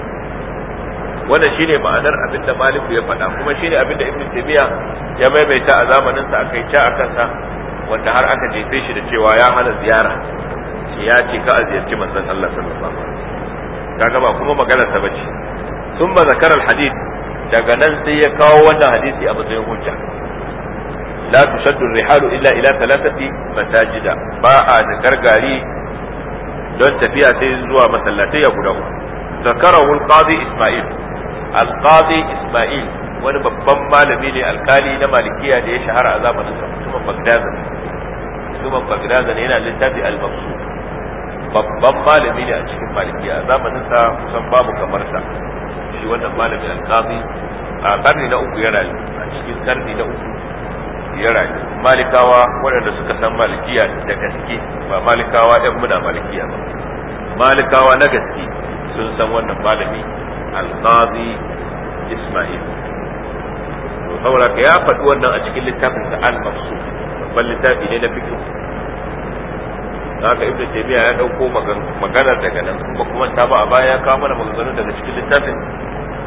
wannan shine ma'anar abin da Maliku ya faɗa kuma shine abin da Ibn Taymiyyah ya maimaita a zamaninsa sa akai ta akan sa wanda har aka jefe shi da cewa ya hana ziyara ya ce ka a ziyarci manzon Allah sallallahu alaihi wasallam kaga ba kuma magana ta bace sun ba zakarar hadith daga nan sai ya kawo wannan hadisi a matsayin hujja la tushaddu rihalu illa ila thalathati masajida ba a zakar gari don tafiya sai zuwa masallatai ya guda uku zakarahu al isma'il al isma'il wani babban malami ne alkali na malikiya da ya shahara a zamanin sa mutumin bagdad mutumin bagdad ne yana littafi al-mabsu babban malami ne a cikin malikiya a zamanin sa kusan babu kamar sa shi wannan malami alqazi a karni na uku ya rayu a cikin karni na uku ya rayu malikawa waɗanda suka san malikiya da gaske ba malikawa ɗan muna malikiya ba malikawa na gaske sun san wannan malami alqazi isma'il to saboda ya faɗi wannan a cikin littafin sa al-mafsud babban littafi ne na fiqh haka ibnu taymiya ya dauko magana daga nan kuma kuma ta ba a baya ya mana maganganu daga cikin littafin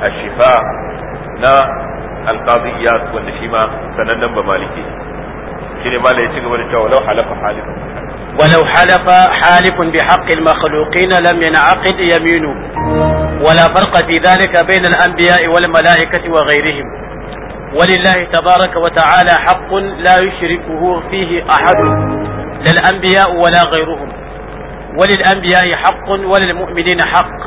ashifa na alqadiyya wanda shi ma sanannen ba maliki shine ma ya ci da cewa law halafa halif ولو حلف حالف بحق المخلوقين لم ينعقد يمينه ولا فرق في ذلك بين الأنبياء والملائكة وغيرهم ولله تبارك وتعالى حق لا يشركه فيه أحد لا الأنبياء ولا غيرهم وللأنبياء حق وللمؤمنين حق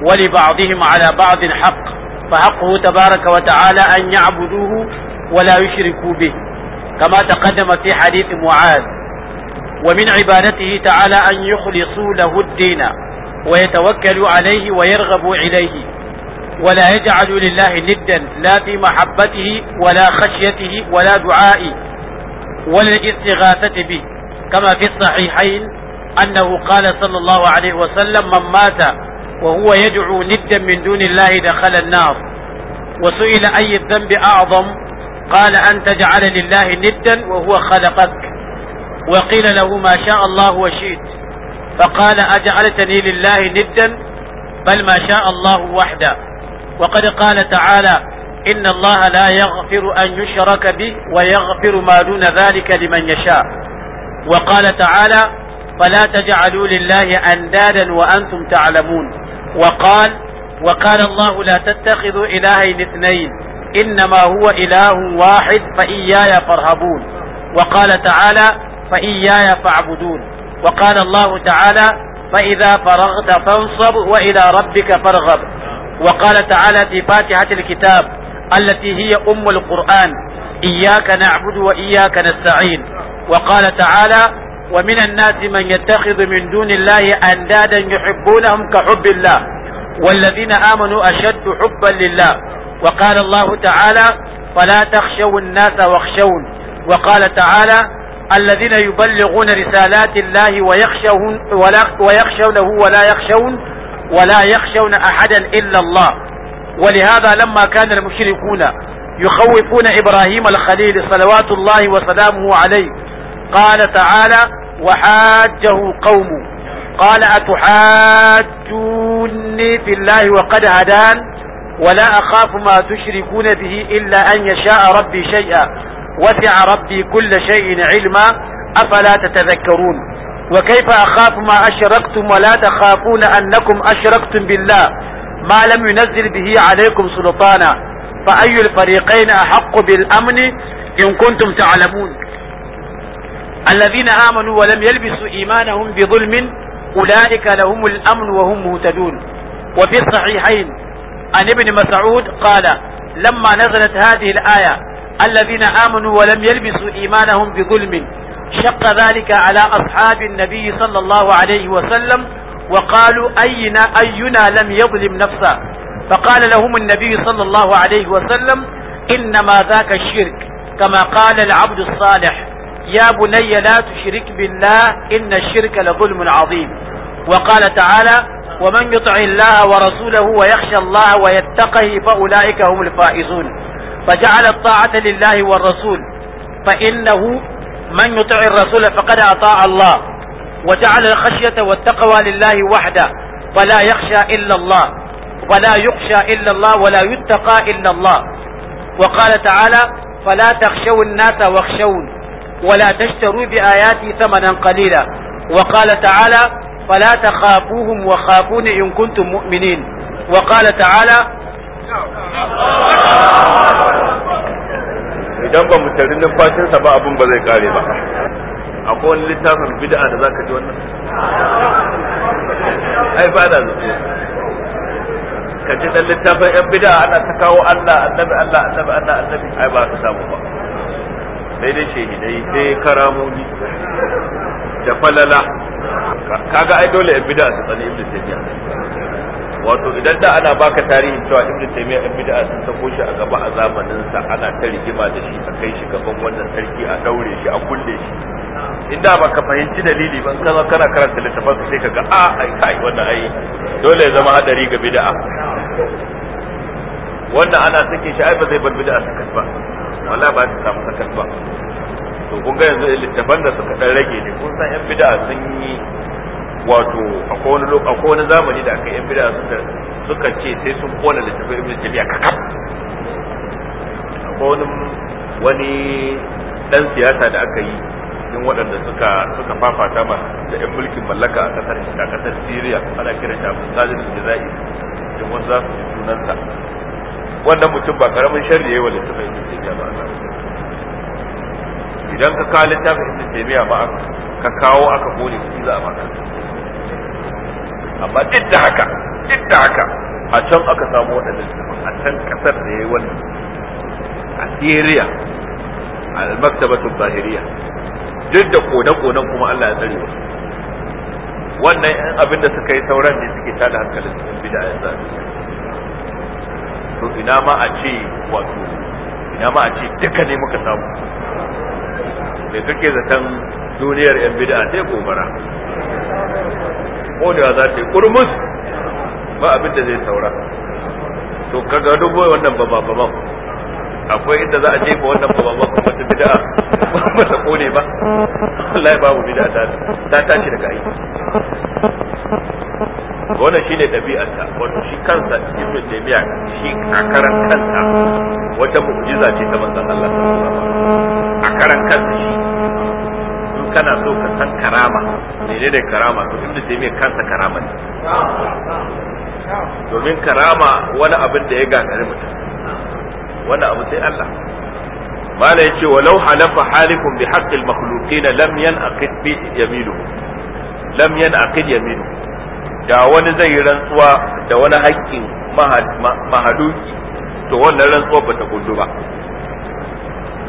ولبعضهم على بعض حق فحقه تبارك وتعالى أن يعبدوه ولا يشركوا به كما تقدم في حديث معاذ ومن عبادته تعالى أن يخلصوا له الدين ويتوكلوا عليه ويرغبوا إليه ولا يجعلوا لله ندا لا في محبته ولا خشيته ولا دعائه ولا الاستغاثة به كما في الصحيحين أنه قال صلى الله عليه وسلم من مات وهو يدعو ندا من دون الله دخل النار وسئل أي الذنب أعظم قال أن تجعل لله ندا وهو خلقك وقيل له ما شاء الله وشئت فقال أجعلتني لله ندا بل ما شاء الله وحده وقد قال تعالى إن الله لا يغفر أن يشرك به ويغفر ما دون ذلك لمن يشاء وقال تعالى فلا تجعلوا لله أندادا وأنتم تعلمون وقال وقال الله لا تتخذوا إلهين اثنين إنما هو إله واحد فإياي فارهبون وقال تعالى فإياي فاعبدون وقال الله تعالى فإذا فرغت فانصب وإلى ربك فارغب وقال تعالى في فاتحة الكتاب التي هي أم القرآن إياك نعبد وإياك نستعين وقال تعالى ومن الناس من يتخذ من دون الله أندادا يحبونهم كحب الله والذين آمنوا أشد حبا لله وقال الله تعالى فلا تخشوا الناس واخشون وقال تعالى الذين يبلغون رسالات الله ويخشون ولا ويخشونه ولا يخشون ولا يخشون أحدا إلا الله ولهذا لما كان المشركون يخوفون إبراهيم الخليل صلوات الله وسلامه عليه قال تعالى وحاجه قومه قال أتحاجوني في الله وقد هدان ولا أخاف ما تشركون به إلا أن يشاء ربي شيئا وسع ربي كل شيء علما أفلا تتذكرون وكيف أخاف ما أشركتم ولا تخافون أنكم أشركتم بالله ما لم ينزل به عليكم سلطانا فأي الفريقين أحق بالأمن إن كنتم تعلمون الذين آمنوا ولم يلبسوا إيمانهم بظلم أولئك لهم الأمن وهم مهتدون وفي الصحيحين عن ابن مسعود قال لما نزلت هذه الآية الذين آمنوا ولم يلبسوا إيمانهم بظلم شق ذلك على أصحاب النبي صلى الله عليه وسلم وقالوا أينا أينا لم يظلم نفسه فقال لهم النبي صلى الله عليه وسلم إنما ذاك الشرك كما قال العبد الصالح يا بني لا تشرك بالله إن الشرك لظلم عظيم وقال تعالى ومن يطع الله ورسوله ويخشى الله ويتقه فأولئك هم الفائزون فجعل الطاعة لله والرسول فإنه من يطع الرسول فقد أطاع الله وجعل الخشية والتقوى لله وحده فلا يخشى إلا الله ولا يخشى إلا الله ولا يتقى إلا الله وقال تعالى فلا تخشوا الناس واخشون ولا تشتروا بآياتي ثمنا قليلا وقال تعالى فلا تخافوهم وخافون إن كنتم مؤمنين وقال تعالى idan ba mu tari sa ba abun ba zai kare ba akwai wani littafin bid'a da zaka ji wannan ai ba da zuwa ka ji dan littafin yan bid'a ana ta kawo Allah annabi Allah annabi Allah annabi ai ba ka samu ba sai dai shahidai sai karamomi da falala kaga ai dole yan bid'a su tsani ibnu taymiya wato idan da ana baka tarihin cewa ibnu taymiya yan bid'a sun sako shi a gaba a zamanin sa ana ta rigima da shi a kai shi gaban wannan sarki a daure shi a kulle shi inda baka fahimci dalili ban kana kana karanta littafin sai kaga a ah, ai kai wannan ai dole ya zama hadari ga bid'a wannan ana sake shi ai ba zai bar bid'a sakat ba wala ba ta samu sakat ba to kun ga yanzu littafan da suka dan rage ne kun san yan bid'a sun yi wato akwai wani akwai wani zamani da aka yan bid'a suka suka ce sai sun kona littafin ibnu jami'a kakaf akwai wani wani dan siyasa da aka yi cikin waɗanda suka suka fafata ma da yan mulkin mallaka a kasar a kasar Syria ana kiran shi Abdul Qadir Jazairi cikin wanda za su ji sunansa wannan mutum ba karamin sharri yi wa littafin ibn taymiya ba idan ka kawo littafin ibn taymiya ba ka kawo aka kone kuɗi za a maka amma duk da haka duk da haka a can aka samu waɗannan littafin a can kasar da yi wannan a Syria al maktabatu zahiriya duk da kone-konen kuma Allah ya tsare wasu wannan abin da suka yi sauran ne suke tada hankalin bid'a ya zabi to ina ma a ce wato ina ma a ce duka ne muka samu me kake zaton duniyar yan bid'a sai gobara kodewa za ta yi kurmus ba abin da zai saura to kaga duk wannan ba ba akwai inda za a jefa wannan babban ta bid'a ba ta kone ba wallahi babu bid'a ta tashi daga aiki wannan shine ɗabi'arta wato shi kansa ibnu taymiya shi a karan kansa wata mu'jiza ce ta manzon Allah ta alaihi a karan kansa shi in kana so ka san karama menene karama to ibnu taymiya kansa karama ne domin karama wani abin da ya gagari mutum wani abu sai Allah mala yace walau halafa halikum bi haqqil makhluqina lam yanaqid bi yaminuhu lam yanaqid da wani zai rantsuwa da wani haƙƙin mahaduki, to wannan rantsuwa ba ta gudu ba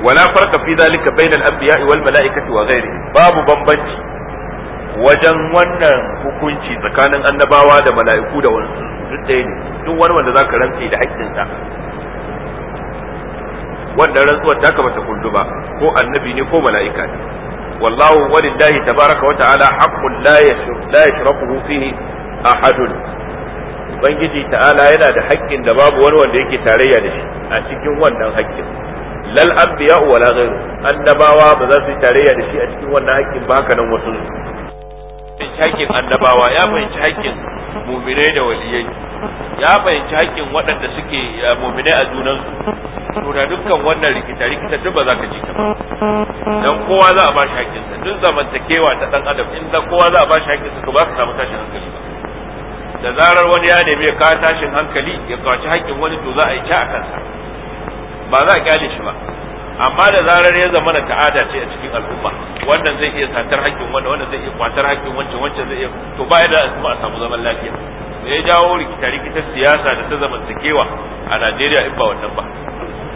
wala farka fi zalika bainal anbiya wal mala'ikati wa ghairi babu bambanci wajen wannan hukunci tsakanin annabawa da mala'iku da wani duk ɗaya ne duk wani wanda zaka rantsi da haƙƙinsa wannan rantsuwar ta kamata kullu ba ko annabi ne ko mala'ika ne wallahu walillahi tabaraka wa ta'ala haqqul la yashrakuhu fihi ahadun ubangiji ta'ala yana da haƙƙin da babu wani wanda yake tarayya da shi a cikin wannan haƙƙin lal anbiya la ghayru annabawa ba za su yi tarayya da shi a cikin wannan haƙƙin ba haka nan wasu haƙƙin annabawa ya fahimci haƙƙin muminai da waliyai ya fahimci haƙƙin waɗanda suke muminai a junansu to da dukkan wannan rikita rikita duk ba za ka ji ka ba dan kowa za a ba shi haƙƙinsa duk zamantakewa ta dan adam in da kowa za a ba shi haƙƙinsa to ba ka samu tashin hankali ba da zarar wani ya nemi ya kawo tashin hankali ya kwaci haƙƙin wani to za a yi ci a kansa ba za a kyale shi ba amma da zarar ya zama na ta'ada ce a cikin al'umma wannan zai iya satar haƙƙin wani wannan zai iya kwatar haƙƙin wancan wancan zai iya to ba da kuma a samu zaman lafiya me ya jawo rikita rikitar siyasa da ta zamantakewa a Najeriya in ba wannan ba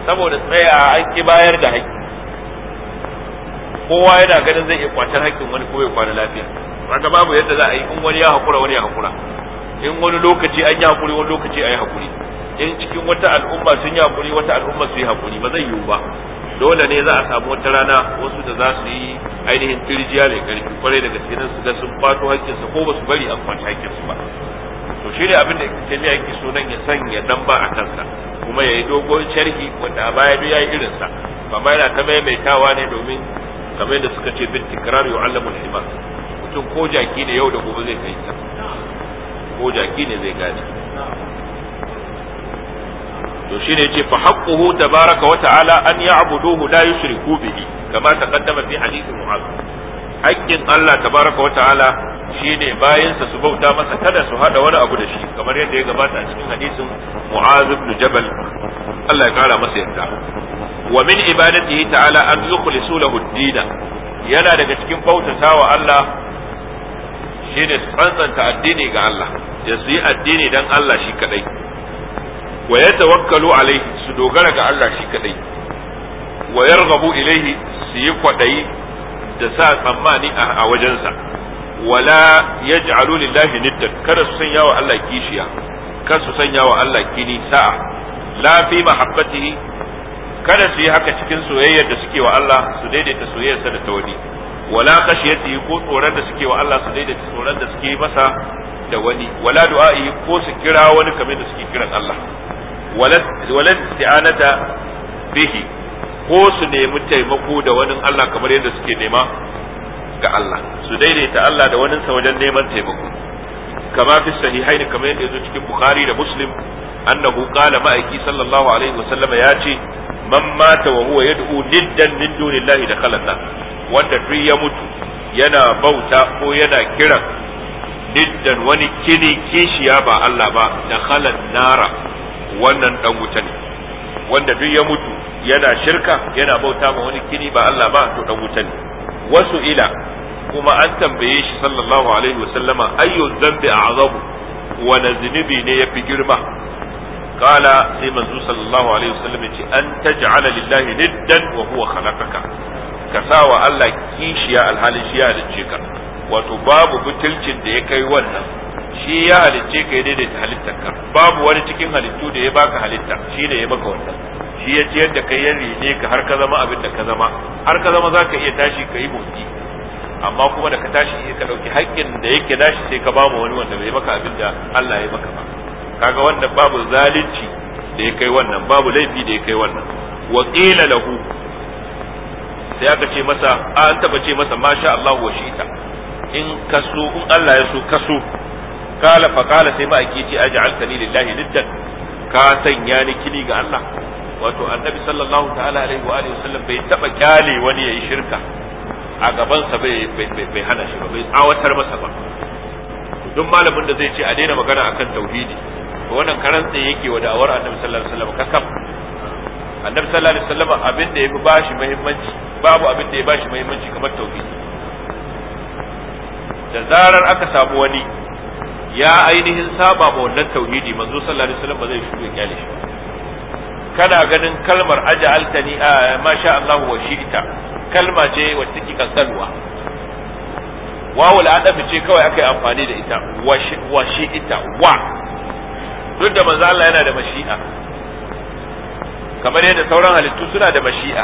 saboda tsaya an ki bayar da haƙƙi kowa yana ganin zai iya kwatar haƙƙin wani ko ya kwana lafiya wanda babu yadda za a yi in wani ya haƙura wani ya haƙura in wani lokaci an yi hakuri wani lokaci a yi hakuri in cikin wata al'umma sun yi hakuri wata al'umma su yi hakuri ba zai yiwu ba dole ne za a samu wata rana wasu da za su yi ainihin kirjiya mai karfi kwarai daga cikin su ga sun kwato hakkinsa ko ba su bari an kwace hakkinsu ba to shi ne abin da jami'a yake so nan ya sanya dan ba a kansa kuma ya yi dogon sharhi wanda a baya duk ya yi irinsa ba ma yana ta maimaitawa ne domin kamar yadda suka ce bin tikrar yu'allamul himar mutum ko jaki ne yau da gobe zai fahimta ko jaki ne zai gane to shine yace fa haqquhu tabaraka wa ta'ala an ya'buduhu la yushriku bihi kama taqaddama fi hadith mu'az haƙƙin Allah tabaraka wa ta'ala shine bayansa su bauta masa kada su hada wani abu da shi kamar yadda ya gabata a cikin hadisin mu'az ibn jabal Allah ya kara masa yarda wa min ibadatihi ta'ala an yukhlisu lahu ad-din yana daga cikin bautata wa Allah shine tsantsanta addini ga Allah ya su yi addini don Allah shi kadai wa ya tawakkalu alaihi su dogara ga Allah shi kadai wa ya rabu ilaihi su yi kwadayi da sa tsammani a wajensa wala ya yaj'alu lillahi nittar kada su sanya wa Allah kishiya kada su sanya wa Allah kini sa'a Lafi fi mahabbatihi kada su yi haka cikin soyayyar da suke wa Allah su daidaita soyayyarsa da ta wani wala yi ko tsoron da suke wa Allah su daidaita tsoron da suke masa da wani wala du'a'i ko su kira wani kamar da suke kiran Allah wala isti'anata bihi ko su nemi taimako da wani Allah kamar yadda suke nema ga Allah su daidaita Allah da wani sa wajen neman taimako kama fi sahihaini kamar yadda yazo cikin Bukhari da Muslim annahu qala ma'aiki sallallahu alaihi sallama ya ce man mata wa huwa yad'u niddan min dunillahi da khalanna wanda duk ya mutu yana bauta ko yana kiran Niddan wani kini kishiya ba Allah ba da khalan nara wannan dan wuta ne wanda duk ya mutu yana shirka yana bauta ma wani kini ba Allah ba to dan wuta ne wasu ila kuma an tambaye shi sallallahu alaihi wasallama ayyu dhanbi azabu wani zunubi ne yafi girma kala sai manzo sallallahu alaihi wasallam ya ce an taj'ala lillahi niddan wa huwa khalaqaka ka sawa Allah kishiya alhalin shi ya halicce ka wato babu butulcin da ya kai wannan shi ya halicce ka yi daidaita halittar ka babu wani cikin halittu da ya baka halitta shi ne ya maka wannan shi ya ciyar da kai ya ne ka har ka zama abin da ka zama har ka zama za ka iya tashi ka yi motsi amma kuma da ka tashi ka dauki haƙƙin da yake nashi sai ka bamu wani wanda bai maka abin da Allah ya maka ba kaga wanda babu zalunci da ya kai wannan babu laifi da ya kai wannan wa qila lahu sai aka ce masa an taba ce masa masha Allah wa shi'ta in kaso in Allah ya so kaso kala fa kala sai ma'aiki ce alkali lillahi niddan ka sanya ni kini ga Allah wato annabi sallallahu ta'ala alaihi wa alihi wasallam bai taba kyale wani yayi shirka a gaban sa bai bai hana shi ba bai tsawatar masa ba duk malamin da zai ce a daina magana akan tauhidi to wannan karan yake wa da'awar annabi sallallahu alaihi wasallam kakam annabi sallallahu alaihi wasallam abin da ya fi bashi muhimmanci babu abin da ya bashi muhimmanci kamar tauhidi da zarar aka samu wani ya ainihin saba ba wannan tauhidi manzo sallallahu alaihi wasallam ba zai shigo kyale shi kana ganin kalmar aja'altani a sha Allah wa shi'ta kalma ce wacce take kansalwa wawul adabi ce kawai aka yi amfani da ita wa shi'ta wa duk da manzo Allah yana da mashi'a kamar yadda sauran halittu suna da mashi'a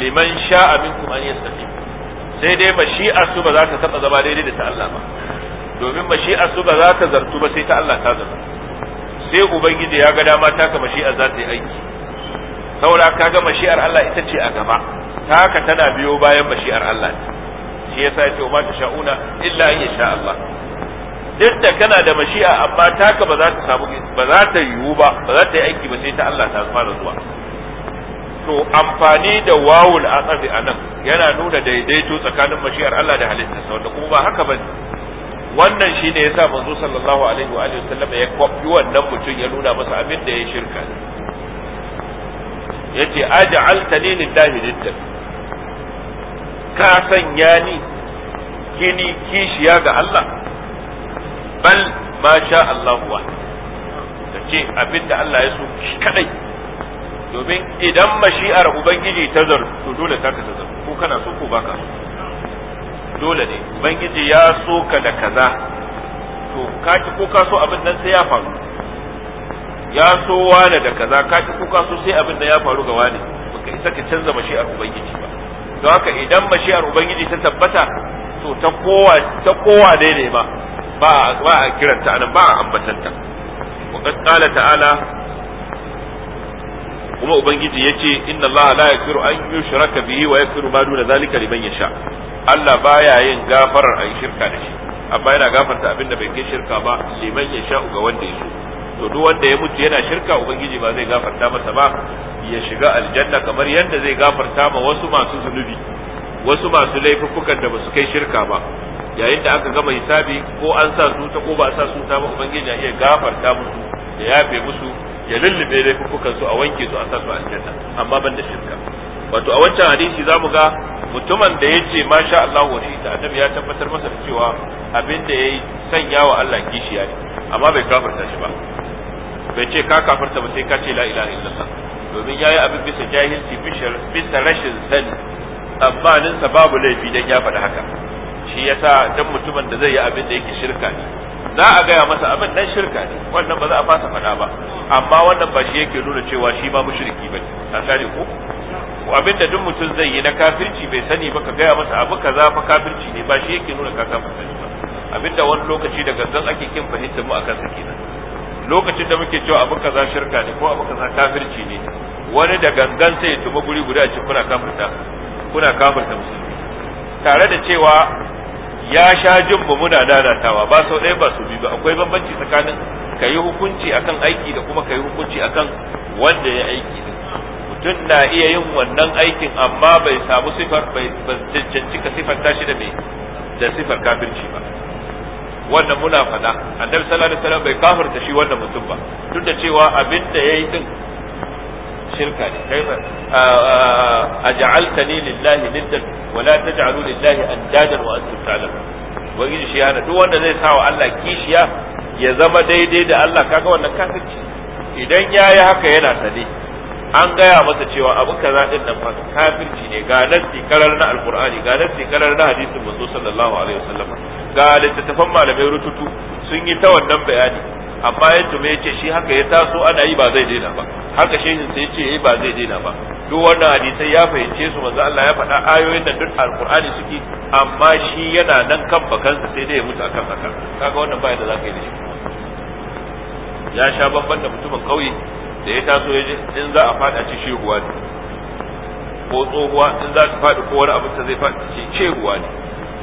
liman sha'a minkum an yastaqim sai dai mashi'ar su ba za ta taba zama daidai da ta Allah ba domin mashi'ar su ba za ta zartu ba sai ta Allah ta zartu sai ubangiji ya ga dama taka mashi'ar za ta yi aiki saboda ka ga mashi'ar Allah ita ce a gaba taka tana biyo bayan mashi'ar Allah shi yasa ya ce ma ta sha'una illa in sha Allah duk da kana da mashi'a amma taka ba za ta samu ba za ta yiwu ba ba za ta yi aiki ba sai ta Allah ta fara zuwa to amfani da wawul asabi a nan yana nuna daidaito tsakanin mashiyar Allah da halittarsa wanda kuma ba haka bane wannan shine yasa manzo sallallahu alaihi wa alihi wasallam ya kwafi wannan mutum ya nuna masa abin da ya shirka yace aj'altani lillahi niddan ka sanya ni kini kishiya ga Allah bal ma sha Allah wa kace abin da Allah ya so kadai domin idan mashi'ar ubangiji ta zartu dole ta ka zartu ko kana so ko baka dole ne ubangiji ya so ka da kaza to ka ki ko ka so abin nan sai ya faru ya so wane da kaza ka ki ko ka so sai abin da ya faru ga wane baka isa ka canza mashi'ar ubangiji ba don haka idan mashi'ar ubangiji ta tabbata to ta kowa ta kowa ne ba ba a kiranta anan ba a ambatanta wa qala ta'ala kuma ubangiji yace inna allaha la yaghfiru an yushraka bihi wa yaghfiru ma duna zalika liman yasha Allah baya yin gafar a shirka da shi amma yana gafarta abinda da bai kai shirka ba liman yasha ga wanda ya to duk wanda ya mutu yana shirka ubangiji ba zai gafarta masa ba ya shiga aljanna kamar yadda zai gafarta ma wasu masu zunubi wasu masu laifuffukan da basu kai shirka ba yayin da aka gama hisabi ko an sa su ta ko ba a sa su ta ba ubangiji ya iya gafarta musu da yafe musu ya lullube laifukan su a wanke su a sa su aljanna amma ban da shirka wato a wancan hadisi zamu ga mutumin da yace ma sha Allah wa ta annabi ya tabbatar masa da cewa abin da yayi sanya wa Allah kishiya ne amma bai kafirta shi ba bai ce ka kafirta ba sai ka ce la ilaha illallah domin yayi abin bisa jahilci bisa rashin sani amma ninsa babu laifi dan ya faɗi haka shi yasa dan mutumin da zai yi abin da yake shirka ne za a gaya masa abin dan shirka ne wannan ba za a fasa faɗa ba amma wannan ba shi yake nuna cewa shi ba mushriki ba an gane ko abin da duk mutum zai yi na kafirci bai sani ba ka gaya masa abu kaza fa kafirci ne ba shi yake nuna ka kafirci ba abin da wani lokaci da gangan ake kin fahimta mu akan sake nan lokacin da muke cewa abu kaza shirka ne ko abu kaza kafirci ne wani da gangan sai ya tuma guri guda ce kuna kafirta kuna kafirta musulmi tare da cewa ya sha jin ba muna dadatawa ba sau ɗaya ba su biyu ba akwai bambanci tsakanin ka yi hukunci akan aiki da kuma ka yi hukunci akan wanda ya aiki din mutum na iya yin wannan aikin amma bai samu sifar bai cancanci ka sifar tashi da mai da sifar kafirci ba wannan muna faɗa annabi sallallahu alaihi wasallam bai kafirta shi wannan mutum ba duk da cewa abin da yayi din shirka ne ba a ja'alta ni lillahi niddan wa la taj'alu lillahi andadan wa antum ta'lamun wani shi yana duk wanda zai sawa Allah kishiya ya zama daidai da Allah kaga wannan kafirci idan yayi haka yana sane an gaya masa cewa abu kaza din nan fa kafirci ne ga nasi karar na alqur'ani ga nasi karar na hadisin manzo sallallahu alaihi wasallam ga littattafan malamai rututu sun yi ta wannan bayani amma ya tume yace shi haka ya taso ana yi ba zai daina ba haka shehin sai ce eh ba zai daina ba duk wannan hadisai ya fahimce su manzo Allah ya faɗa ayoyin da duk alqur'ani suke amma shi yana nan kan bakansa sai dai ya mutu akan haka kaga wannan ba da zaka yi da shi ya sha babban da mutumin kauye da ya taso ya in za a faɗa ci shehuwa ne ko tsohuwa in za ta faɗi ko wani abin ta zai faɗi ce shehuwa ne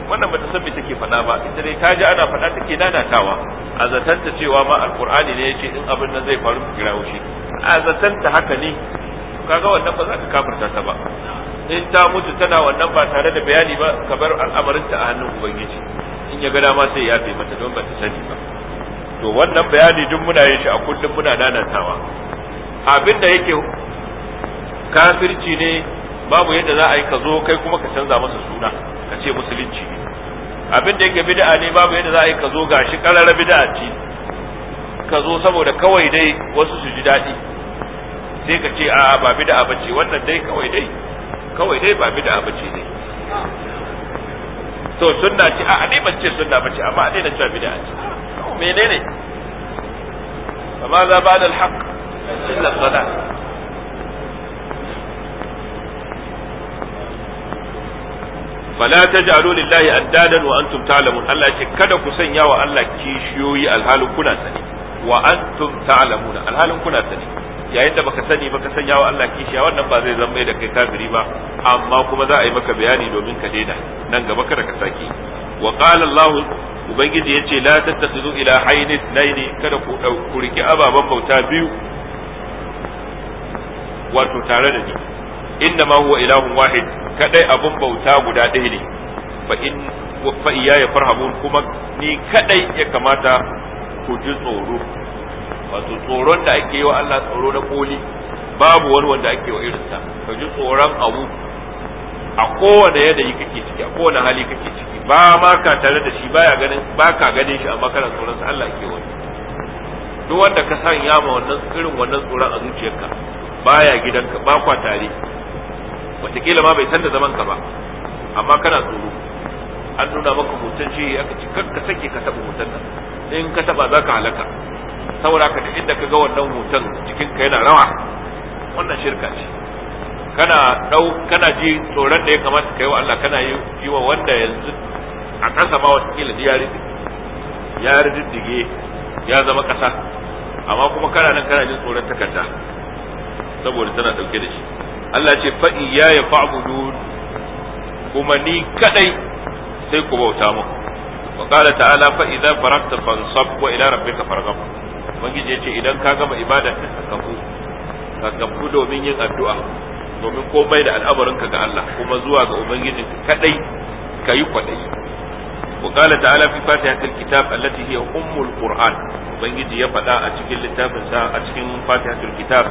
wannan bata san me take faɗa ba ita dai ta ji ana faɗa take nanatawa a zatanta cewa ma alqur'ani ne yace in abin nan zai faru ki rawo shi a zaton ta haka ne kaga wannan ba za ka kafirta ta ba in ta mutu tana wannan ba tare da bayani ba ka bar al'amarinta a hannun ubangiji in ya ga dama sai ya fi mata don ba ta sani ba to wannan bayani duk muna yin shi a kullum muna nanatawa abin da yake kafirci ne babu yadda za a yi ka zo kai kuma ka canza masa suna ka ce musulunci abin da yake bid'a ne babu yadda za a yi ka zo gashi kararra bid'a ce ka zo saboda kawai dai wasu su ji daɗi sai ka ce a'a ba bi da bace wannan dai kawai dai kawai dai ba bi da bace dai to sunna ce a'a ni ban ce sunna bace amma dai na cewa bid'a ce menene amma za ba da alhaq illa dalal فلا تجعلوا لله اندادا وانتم تعلمون الله يقول kada ku sanya wa Allah kishiyoyi alhalin kuna sani wa antum ta'lamuna alhalin kuna sani yayin da baka sani baka sanya wa Allah kishiya wannan ba zai zama da kai kafiri ba amma kuma za a yi maka bayani domin ka daina nan gaba kada ka saki wa qala Allah ubangiji yace la tattakhidhu ila hayni naini kada ku ku riki ababan bauta biyu wato tare da ni inna ma huwa ilahun wahid kadai abun bauta guda daya ne fa in fa iyaya farhabun kuma ni kadai ya kamata ku ji tsoro wato tsoron da ake yi wa Allah tsoro na koli babu wani wanda ake wa irin sa. ka ji tsoron abu a kowane yanayi kake ciki a kowane hali kake ciki ba ma ka tare da shi baya ganin ba ka ganin shi amma kana tsoron sa Allah ke wani duk wanda ka san ya ma wannan irin wannan tsoron a zuciyarka baya gidanka ba kwa tare wataƙila ma bai san da zaman ka ba amma kana tsoro an nuna maka hoton shi aka ci kakka sake ka taɓa hoton nan in ka taba za ka halaka saboda ka inda ka ga wannan hoton cikin ka yana rawa wannan shirka ce kana dau kana ji tsoron da ya kamata ka yi wa Allah kana yi wa wanda yanzu a kasa ma watakila ya ya rididdige ya zama kasa amma kuma kana nan kana jin tsoron takarda saboda tana dauke da shi Allah ce fa ya fa'budun kuma ni kadai sai ku bauta mu wa qala ta'ala fa idza faragta fansab wa ila rabbika farghab ubangiji yace idan ka gama ibada ka kafu ka kafu domin yin addu'a domin komai da al'amarinka ga Allah kuma zuwa ga ubangiji kadai kayi kwadai wa qala ta'ala fi fatihatil kitab allati hiya ummul qur'an ubangiji ya faɗa a cikin littafin sa a cikin fatihatul kitab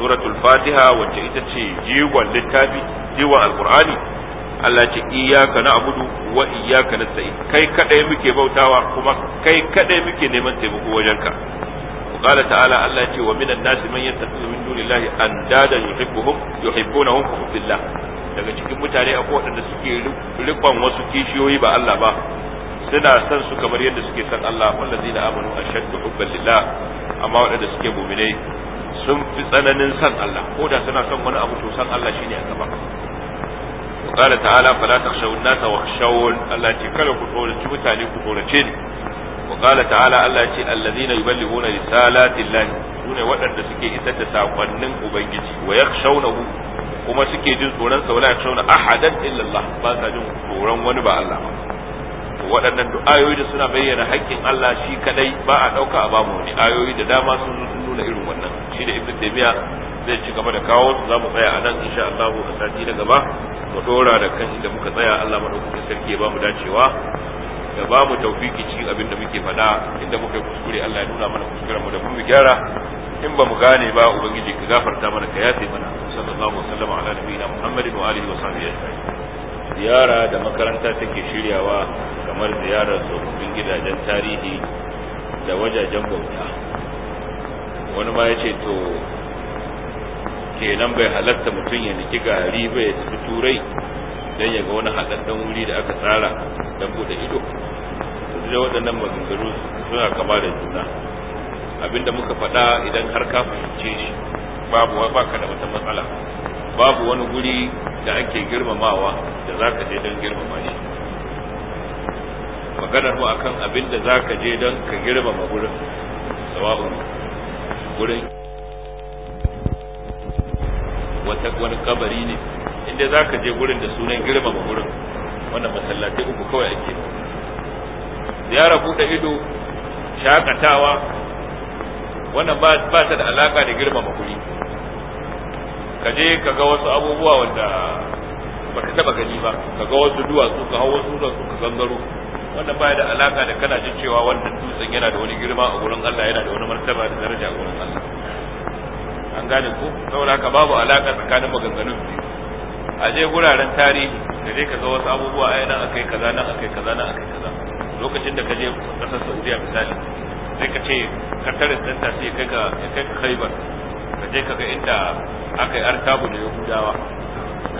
suratul fatiha wacce ita ce jigon littafi jigon alqur'ani Allah ce iyyaka na'budu wa iyyaka nasta'in kai kadai muke bautawa kuma kai kaɗai muke neman taimako wajenka qala ta'ala Allah ce wa minan nasi man yattakhidhu min dunillahi andadan yuhibbuhum yuhibbunahum ka hubbillah daga cikin mutane akwai waɗanda suke rikon wasu kishiyoyi ba Allah ba suna san su kamar yadda suke san Allah wallazina amanu ashaddu hubban lillah amma waɗanda suke mu'minai sun fi tsananin san Allah ko da suna san wani abu to san Allah shine a gaba qala ta'ala fala takhshawun nasa wakhshawun Allah ce kada ku tsorace mutane ku tsorace ni wa qala ta'ala Allah ce allazina yuballighuna risalati Allah sune waɗanda suke isar da sakonnin ubangiji wa yakhshawnahu kuma suke jin tsoron sa wala yakhshawna a illa ba jin tsoron wani ba Allah waɗannan ayoyi da suna bayyana haƙƙin Allah shi kadai ba a ɗauka a bamu wani ayoyi da dama sun nuna irin wannan shi da ibnu taymiya zai ci gaba da kawo su zamu tsaya a nan insha Allah a sati na gaba mu dora da kan inda muka tsaya Allah madaukakin sarki ya ba mu dacewa ya ba mu tawfiki cikin abin da muke faɗa inda muka yi kuskure Allah ya nuna mana kuskuren mu da mu gyara in ba mu gane ba ubangiji ka gafarta mana ka yafe mana sallallahu alaihi wasallam ala nabiyina muhammadin wa alihi wa sahbihi ziyara da makaranta take shiryawa kamar ziyarar tsofaffin gidajen tarihi da wajajen bauta wani ma ya ce to kenan bai halatta mutum ya niki gari bai ya tafi turai don ya ga wani haɗaɗɗen wuri da aka tsara don bude ido da waɗannan maganganu suna kama da juna abinda muka faɗa idan har ka fahimce shi babu baka da wata matsala babu wani guri da ake girmamawa da za ka je don girmama shi maganar mu akan abin da za ka je don ka girmama gurin sawa'un gurin wata wani kabari ne inda za ka je gurin da sunan girmama gurin wannan masallatai uku kawai ake ziyara bude ido shakatawa wannan ba ta da alaka da girmama guri ka je ka ga wasu abubuwa wanda ba ka taba gani ba ka ga wasu duwatsu ka hau wasu duwatsu ka gangaro wannan baya da alaka da kana jin cewa wannan dutsen yana da wani girma a gurin Allah yana da wani martaba da daraja a gurin Allah an gane ko saboda haka babu alaka tsakanin maganganun biyu a je guraren tarihi da dai ga wasu abubuwa a yana akai kaza nan akai kaza nan akai kaza lokacin da ka je kasar Saudiya misali sai ka ce Katarin din ta sai kai ka kai ka Khaibar ka je ga inda akai artabu da Yahudawa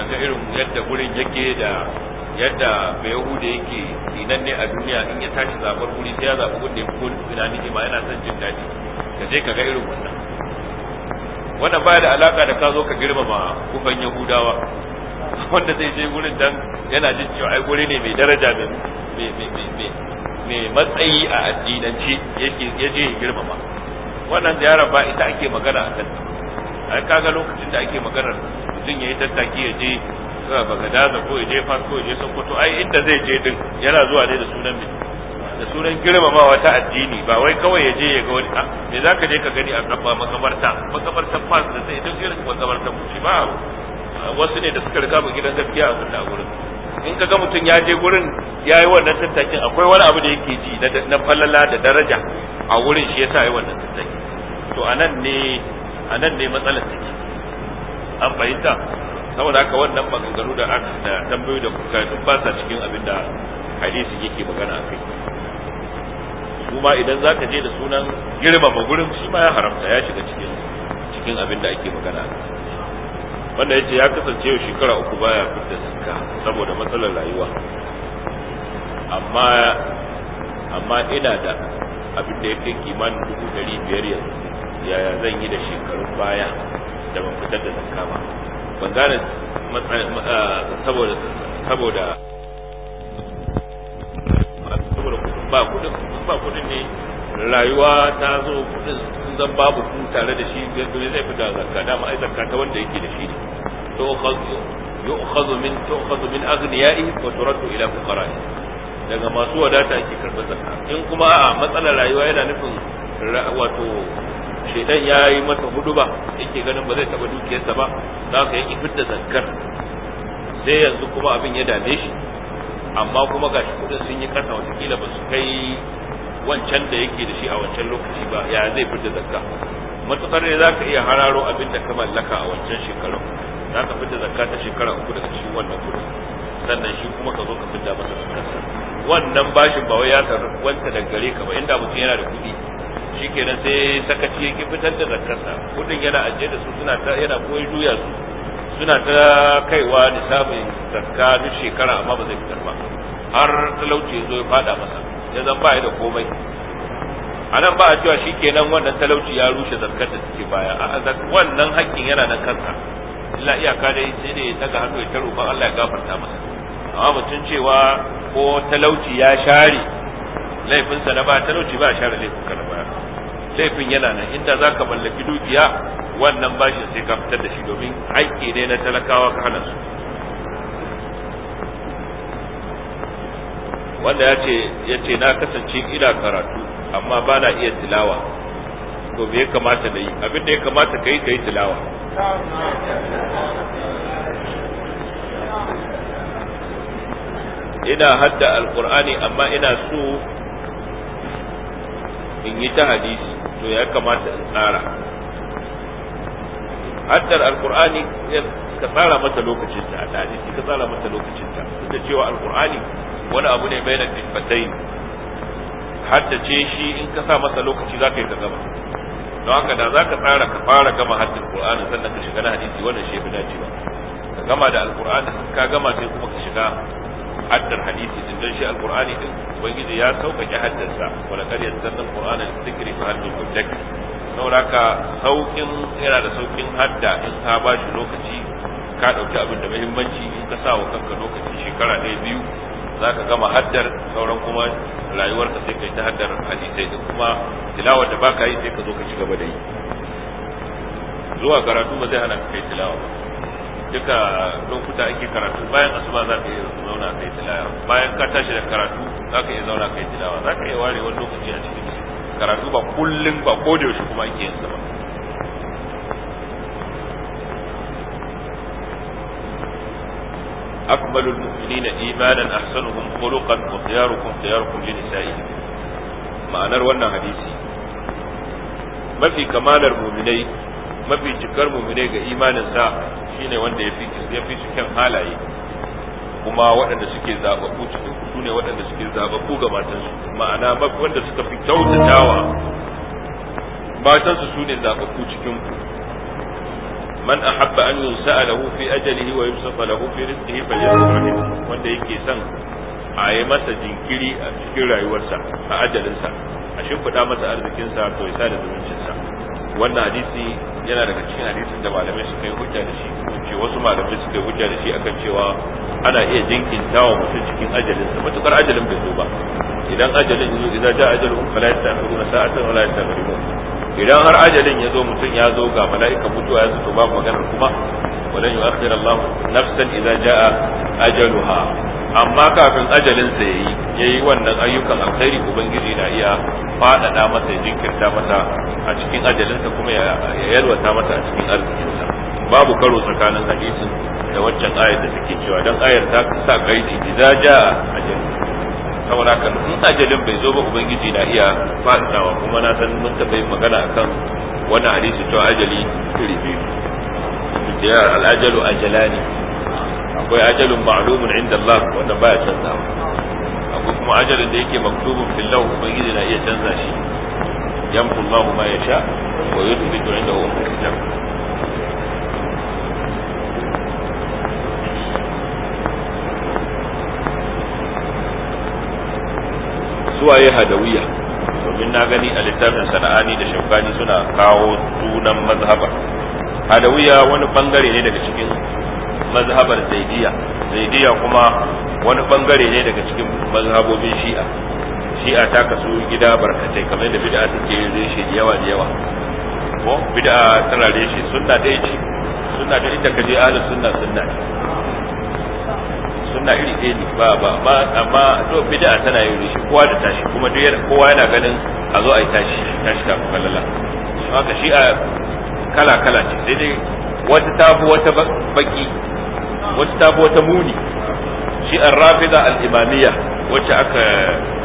ga irin yadda gurin yake da yadda bai yahuda yake dinan ne a duniya in ya tashi zabar guri sai ya zaɓi da ya fi gudun ni ma yana son jin daɗi ka je ka ga irin wannan wannan baya da alaka da ka zo ka girmama kufan yahudawa wanda zai je gurin dan yana jin cewa ai ne mai daraja mai matsayi a addinanci yake yaje girmama wannan ziyara ba ita ake magana a kan ai kaga lokacin da ake magana mutum yayi tattaki ya je baka daza ko ya je fas ya je sokoto ai inda zai je din yana zuwa ne da sunan mai da sunan girmamawa ta addini ba wai kawai ya je ya ga wani me zaka je ka gani a kafa makabarta makabartar fas da sai ita irin makabartar kuci ba wasu ne da suka riga mu gidan gaskiya a kunna gurin in ka ga mutum ya je gurin ya yi wannan tattakin akwai wani abu da yake ji na falala da daraja a wurin shi yasa yi wannan tattakin to anan ne anan ne matsalar take an fahimta saboda haka wannan maganganu da aka tambayoyi da kuka duk ba sa cikin abin da hadisi yake magana a kai kuma idan zaka je da sunan girmama gurin shi ma ya haramta ya shiga cikin cikin abin da ake magana wanda yace ya kasance yau shekara uku baya fitta zakka saboda matsalar rayuwa amma amma ina da abin da yake kimanin dubu ɗari biyar yanzu yaya zan yi da shekarun baya da ban fitar da zakka ba ban gane eh, saboda saboda saboda ba kudin ba kudin ne rayuwa ta zo kudin sun zan babu kun tare da shi zai zai fita zakka dama ai zakka ta wanda yake da shi ne to yu'khadhu min tu'khadhu min aghniyai wa turaddu ila fuqara'i daga masu wadata ake karɓar zakka in kuma a matsalar rayuwa yana nufin wato shedan ya yi mata huduba yake ganin ba zai taɓa dukiyarsa ba za ka yi fitta zakkar sai yanzu kuma abin ya dame shi amma kuma gashi kudin sun yi kasa watakila ba su kai wancan da yake da shi a wancan lokaci ba ya zai fita zakka matukar ne za ka iya hararo abin da ka mallaka a wancan shekarar za ka fita zakka ta shekara uku daga cikin wannan kudin sannan shi kuma ka zo ka fita masa zakkarsa wannan bashin ba wai ya wanta da gare ka ba inda mutum yana da kuɗi kenan sai sakaci yake fitar da zakkarsa kudin yana ajiye da su suna yana koyi juya su suna ta kaiwa samun zakka duk shekara amma ba zai fitar ba har talauci ya zo ya fada masa ya zan ba da komai a nan ba a cewa shi kenan wannan talauci ya rushe zakkar da take baya a wannan hakkin yana nan kansa illa iyaka dai sai ne taga hannu ya ta roƙon Allah ya gafarta masa amma mutum cewa ko talauci ya share laifinsa na ba talauci ba share laifin na baya laifin yana nan inda zaka mallaki dukiya wannan bashin sai ka fitar da shi domin haƙƙi ne na talakawa ka hana su wanda ya ce ya ce na kasance ina karatu amma ba na iya tilawa to me ya kamata na yi abin da ya kamata ka yi ka yi tilawa ina hadda alkur'ani amma ina so in yi ta hadisi to ya kamata in tsara haddar alqur'ani ka tsara mata lokacinta, a da hadisi ka tsara mata lokacin ta duk da cewa alqur'ani wani abu ne bayan tiffatai haddace shi in ka sa masa lokaci zaka yi ka gama don haka da za ka tsara ka fara gama haddar alqur'ani sannan ka shiga na hadisi wannan shi fi dacewa ka gama da alqur'ani ka gama sai kuma ka shiga haddar hadisi din don shi alqur'ani din ubangiji ya sauƙaƙe haddarsa wala qad yassarna alqur'ana lidhikri fa hal min mudakkir saboda saukin yana da saukin hadda in ka ba shi lokaci ka ɗauki abin da muhimmanci in ka sa wa kanka lokaci shekara ɗaya biyu za ka gama haddar sauran kuma rayuwarka sai ka yi ta haddar hadisai da kuma tilawa da ba ka yi sai ka zo ka ci gaba da yi zuwa karatu ba zai hana ka kai tilawa ba duka lokuta ake karatu bayan asuba za ka iya zauna kai tilawa bayan ka tashi da karatu za ka iya zauna kai tilawa za ka iya ware wani lokaci a cikin karatu ba kullum ba ko da yaushe kuma ake yin ba أكمل المؤمنين إيمانا أحسنهم خلقا وخياركم خياركم لنسائهم ma'anar wannan hadisi mafi kamalar muminai mafi cikar muminai ga imaninsa shine wanda yafi cikin halaye kuma waɗanda suke zaɓaɓɓu cikin su ne waɗanda suke zababbu ga matansu ma'ana wanda suka fi kyautatawa matansu su ne zababbu cikin ku man ahabba an yusa'a fi ajalihi wa yusfa lahu fi rizqihi falyasrahim wanda yake son a yi masa jinkiri a cikin rayuwarsa a ajalinsa a shimfiɗa masa arzikinsa to ya sa da zumuncinsa wannan hadisi yana daga cikin hadisin da malamai suka yi hujja da shi ce wasu malamai suka yi hujja da shi akan cewa ana iya jinkinta wa mutum cikin ajalinsa matukar ajalin bai zo ba idan ajalin yazo idan ja ajalun fala na sa'atan wala yastaqirun idan har ajalin ya zo mutum ya zo ga mala'ika mutuwa ya zo babu maganar kuma walan yu'akhkhir Allah nafsan idan jaa ajaluha amma kafin ajalin sa yayi yayi wannan ayyukan alkhairi ubangiji na iya faɗaɗa masa ya jinkirta masa a cikin ajalinsa kuma ya yalwata masa a cikin arzikinsa babu karo tsakanin hadisin da waccan ayar da take cewa don ayar ta sa kaidi idza jaa ajal saboda kan in ajalin bai zo ba ubangiji na iya faɗaɗawa kuma na san mun taɓa yin magana akan wannan hadisi to ajali iri biyu ya al-ajalu ajalani akwai ajalun ma'lumun inda Allah wanda baya canzawa kuma ajalin da yake maktubun fil law ubangiji na iya canza shi yamhu Allahu ma yasha wa yuthbitu indahu ummul kitab suwaye hadawiya domin na gani a littafin sana'ani da shaukani suna kawo sunan mazhaba hadawiya wani bangare ne daga cikin mazhabar zaidiya zaidiya kuma wani bangare ne daga cikin mazhabobin shi'a shi'a ta kasu gida barkatai kamar da bid'a take reshe da yawa da yawa ko bid'a tana reshe sunna da yake sunna da ita kaje ahlus sunna sunna ce sunna iri ɗaya ne ba ba ba amma to bid'a tana yin reshe kowa da tashi kuma duk kowa yana ganin a zo a yi tashi tashi ta kallala haka shi'a kala kala ce sai dai wata tafi wata baki wata ta fi wata muni shi an rafida al wacce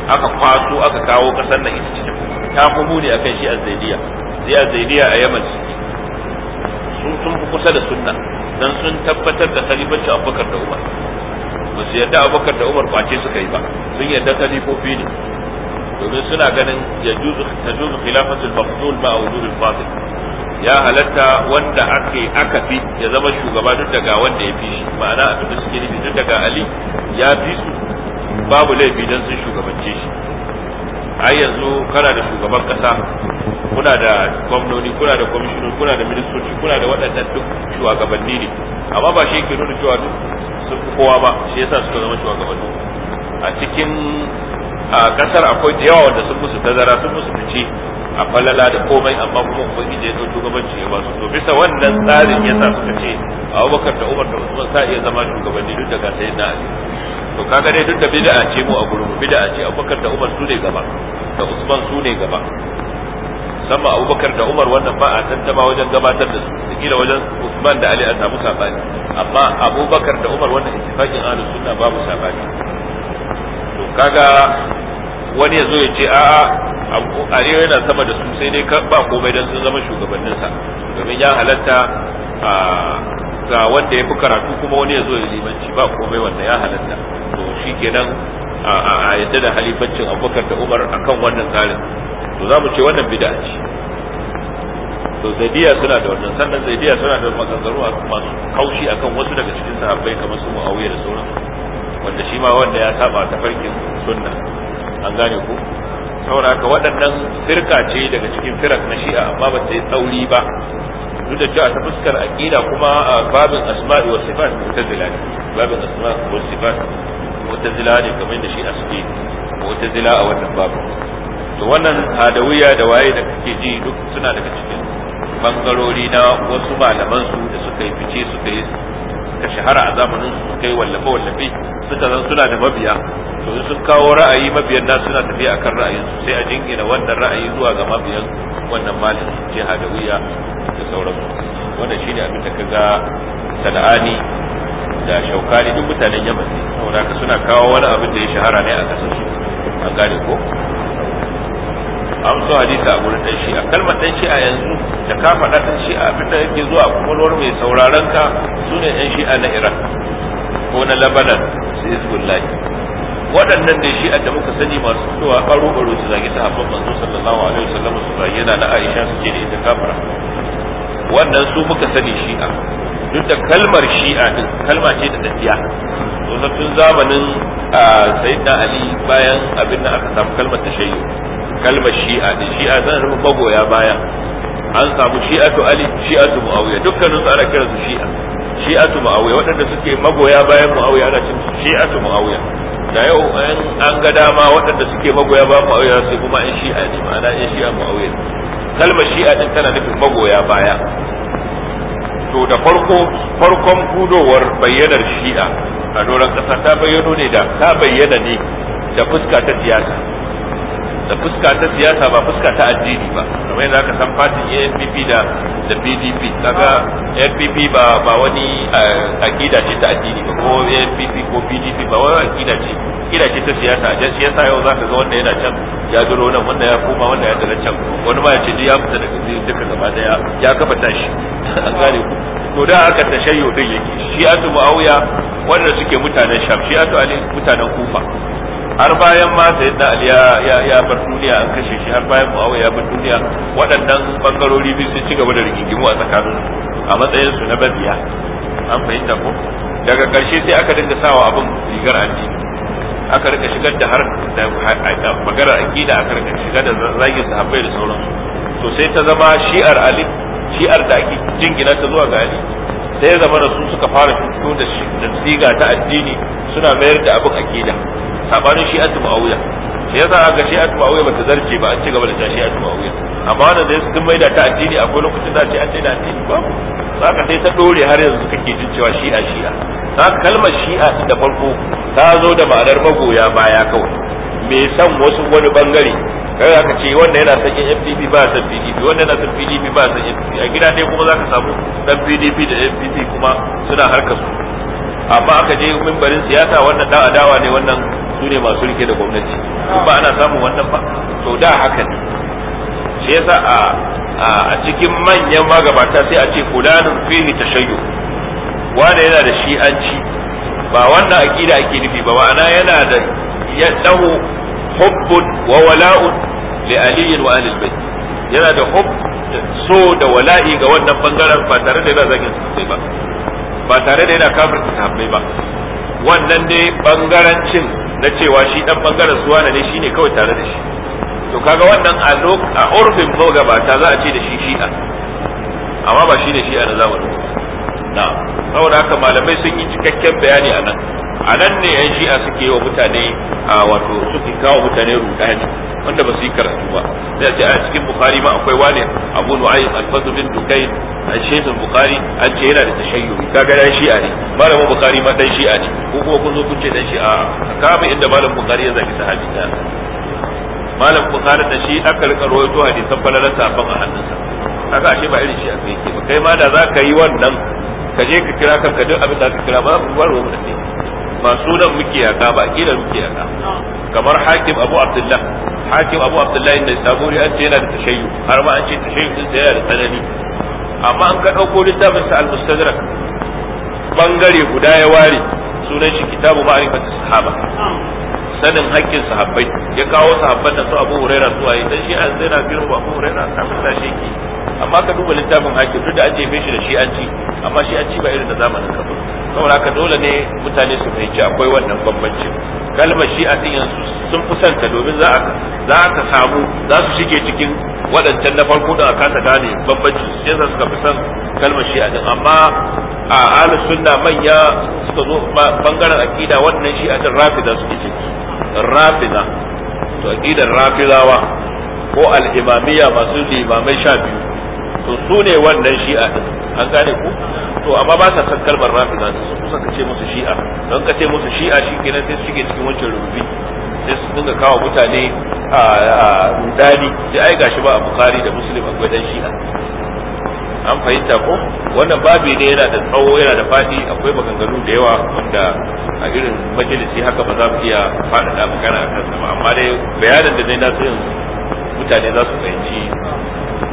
aka kwaso aka kawo kasar na ita cikin ta fi muni kan shi a zaidiya sai a zaidiya a yaman sun sun fi kusa da sunna dan sun tabbatar da a Abubakar da Umar ba su a Abubakar da Umar kwace suka yi ba sun yadda salifofi ne domin suna ganin ya juzu ta juzu khilafatul maqtul ma wujudul fasil ya halatta wanda ake aka fi ya zama shugaba duk daga wanda ya fi shi ma'ana abin da suke nufi duk daga ali ya fi su babu laifi dan sun shugabance shi ai yanzu kana da shugaban kasa kuna da gwamnoni kuna da kwamishinoni kuna da ministoci kuna da waɗannan duk shugabanni ne amma ba shi ke nuna cewa duk sun fi kowa ba shi yasa suka zama shugabanni a cikin a kasar akwai da yawa wanda sun musu tazara sun musu fice a falala da komai amma kuma ije ya dauki gabanci ya ba su to bisa wannan tsarin ya sa suka ce a abubakar da umar da usman sa iya zama shugabanni duk da ga sai na ali to kaga dai duk da bid'a ce mu a gurin bid'a ce abubakar da umar su ne gaba da usman su ne gaba musamman abubakar da umar wannan ba a tantama wajen gabatar da su da kila wajen usman da ali a samu sabani amma abubakar da umar wannan ittifaqin ahlus sunna babu sabani to kaga wani yazo ya ce a'a arewa yana sama da su sai dai ba komai don sun zama shugabanninsa domin ya halatta ga wanda ya fi karatu kuma wani ya zo ya limanci ba komai wanda ya halatta to shi kenan a yadda da halifancin abubakar da umar akan wannan tsarin to za mu ce wannan bida ce to zaidiya suna da wannan sannan zaidiya suna da maganganu masu kaushi akan wasu daga cikin sahabbai kamar su muawiya da sauran wanda shi ma wanda ya saba ta farkin sunna an gane ku saboda haka waɗannan firka ce daga cikin firak na shi'a amma ba ta yi tsauri ba duk da cewa ta fuskar aqida kuma a babin asma'i wa sifat mu'tazila ne babin asma'i wa sifat mu'tazila ne kamar da shi'a suke mu'tazila a wannan babu to wannan hadawiya da waye da kake ji duk suna daga cikin bangarori na wasu malaman su da suka yi fice suka yi suka shahara a zamanin su suka yi wallafe wallafe suka zan suna da mabiya to in sun kawo ra'ayi mabiyan nasu suna tafiya akan ra'ayin su sai a jingina wannan ra'ayi zuwa ga mabiyan wannan malin jihadawiya da sauran. su wannan shine abin da kaga sana'ani da shaukani duk mutanen yamma ne saboda suna kawo wani abin da ya shahara ne a kasar su an gane ko an so hadisi a gurin dan shi'a kalmar dan shi'a yanzu da ka faɗa dan shi'a abin da yake zuwa kwakwalwar mai sauraron ka su ne shi'a na iran ko na labanan su hezbollah waɗannan da shi'a da muka sani masu fitowa ɓaro ɓaro su zagi sahabban manzo sallallahu alaihi wasallam su zagi yana na aisha su ce da ita kafira wannan su muka sani shi'a duk da kalmar shi'a din kalma ce da tafiya to tun zamanin sayyidina ali bayan abin da aka samu kalmar tashayyu kalmar shi'a din shi'a tana nufin magoya baya an samu shi'atu ali shi'atu muawiya dukkanin su ana kiransu shi'a shi'atu muawiya waɗanda suke magoya bayan muawiya ana cin shi'atu muawiya da yau an ga dama waɗanda suke magoya bayan muawiya sai kuma in shi'a ne ma'ana in shi'a muawiya kalmar shi'a din tana nufin magoya baya to da farko farkon budowar bayyanar shi'a a doron ƙasa ta bayyano ne da ta bayyana ne da fuska ta siyasa da fuska ta siyasa ba fuska ta addini ba kamar yadda aka san fatin AFPP da da PDP kaga AFPP ba ba wani eh, akida ce ta addini ba ko AFPP ko PDP ba wani akida ce akida ce ta siyasa a shi yasa yau zaka ga wanda yana can ya duro nan wanda ya koma wanda ya dala can wani ma ya ce ya fita daga duka gaba daya ya kafa tashi an gane ku to da aka tashayyo din yake shi asu muawiya wanda suke mutanen sham shi asu ali mutanen kufa har bayan ma da ali ya ya bar duniya an kashe shi har bayan muawiya ya bar duniya waɗannan bangarori biyu sun ci gaba da rigingimu a tsakanin a matsayin su na babiya an fahimta ko daga ƙarshe sai aka dinga sawa abin rigar addini aka rika shigar da har da magana aqida aka rika shigar da zagin sahabbai da sauransu to sai ta zama shi'ar ali shi'ar da ake jingina ta zuwa ga ali sai ya zama da su suka fara fito da siga ta addini suna mayar da abin aqida sabanin shi atu muawiya shi yasa aka shi atu muawiya bata zarce ba a ci gaba da ta shi atu muawiya amma wanda zai sun maida ta addini akwai lokacin da ce an daina addini ba zaka sai ta dore har yanzu kake jin cewa shi'a shi'a ta kalmar shi'a da farko ta zo da ma'anar magoya baya kawai me san wasu wani bangare kai za ka ce wanda yana son yin FDP ba a san PDP wanda yana son PDP ba a san FDP a gida dai kuma za ka samu dan PDP da FDP kuma suna harkar su amma aka je mimbarin siyasa wannan dan adawa ne wannan su ne masu rike da gwamnati ba ana samun wannan ba to da haka ne shi yasa a a cikin manyan magabata sai a ce fulanun fihi tashayyu wanda yana da shi'anci ba wannan aqida ake nufi ba ma'ana yana da yadahu hubbun wa wala'un li aliyin wa alil bait yana da hubb so da wala'i ga wannan bangaren ba tare da yana zagin sai ba ba tare da yana kafirta sahabbai ba wannan dai bangarancin na cewa shi dan bangaren suwa ne shine kawai tare da shi to kaga wannan a urfin magabata za a ce da shi shi'a amma ba shi ne shi'a na zamanin na saboda haka malamai sun yi cikakken bayani a nan a nan ne yan shi'a suke yi wa mutane a wato suke kawo mutane rudani wanda ba su yi karatu ba sai a ce a cikin bukhari ma akwai wani abu nu'ayyid al-fadl bin dukayn a shehun bukari an ce yana da tashayyu ka kaga dan shi'a ne malamin bukari ma dan shi'a ne ko kuma kun zo kun ce dan shi'a ka kama inda malamin bukari ya zaki sahabi ta malam bukari da shi aka rika rawaito hadisan falalar safan a hannunsa kaga ashe ba irin shi a kai ba kai ma da za ka yi wannan ka je ka kira ka duk abin da ka kira ba ba ruwa da kai ba sunan muke yaka ba kiran muke yaka kamar hakim abu abdullah hakim abu abdullah ne saburi an ce yana da tashayyu har ma an ce tashayyu din yana da tsanani amma an ka ɗauko littafin sa al-mustadrak bangare guda ya ware sunan shi kitabu ma'rifatu sahaba sanin haƙƙin sahabbai ya kawo sahabban da su abu huraira su waye dan shi an sai na abu huraira ta fita shi ki amma ka duba littafin haƙƙi duk da an jefe shi da shi an ci amma shi an ci ba irin da zamanin kafin saboda haka dole ne mutane su fahimci akwai wannan bambancin kalmar shi'a din yanzu sun fi santa domin za za ka samu za su shige cikin waɗancan na farko da aka babban su sai za suka fi san kalmar shi'a din amma a ala sunna manya suka zo bangaren akida wannan shi'a din rafida suke ciki rafida to akidar rafidawa ko al-imamiyya masu limamai sha biyu to su ne wannan shi'a din an gane ku to amma ba sa san kalmar rafida su kusa ka ce musu shi'a don ka ce musu shi'a shi kenan sai su shige cikin wancan rubi sai su dinga kawo mutane a rudani sai ai gashi ba a bukari da muslim akwai dan shi'a an fahimta ko wannan babi ne yana da tsawo yana da fadi akwai maganganu da yawa wanda a irin majalisi haka ba za mu iya faɗaɗa magana a kansa ba amma dai bayanin da dai na yanzu mutane za su fahimci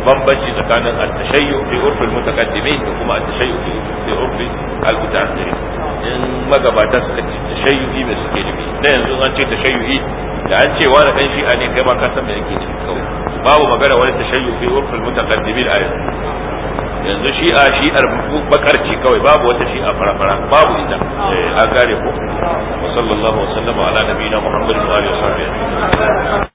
bambanci tsakanin at-tashayyu bi urfi al-mutaqaddimin da kuma at-tashayyu bi urfi al-muta'akhirin in magabata suka ce tashayyu'i me suke nufi na yanzu an ce tashayyu'i da an ce wani dan shi'a ne kai ba ka san me yake nufi kawai babu magana wani tashayyu bi urfi al-mutaqaddimin a yanzu yanzu shi'a shi'ar bakar ce kawai babu wata shi'a fara-fara babu ita eh, a gare ko wa sallallahu wa sallama ala nabiyina muhammadin wa alihi wa sahbihi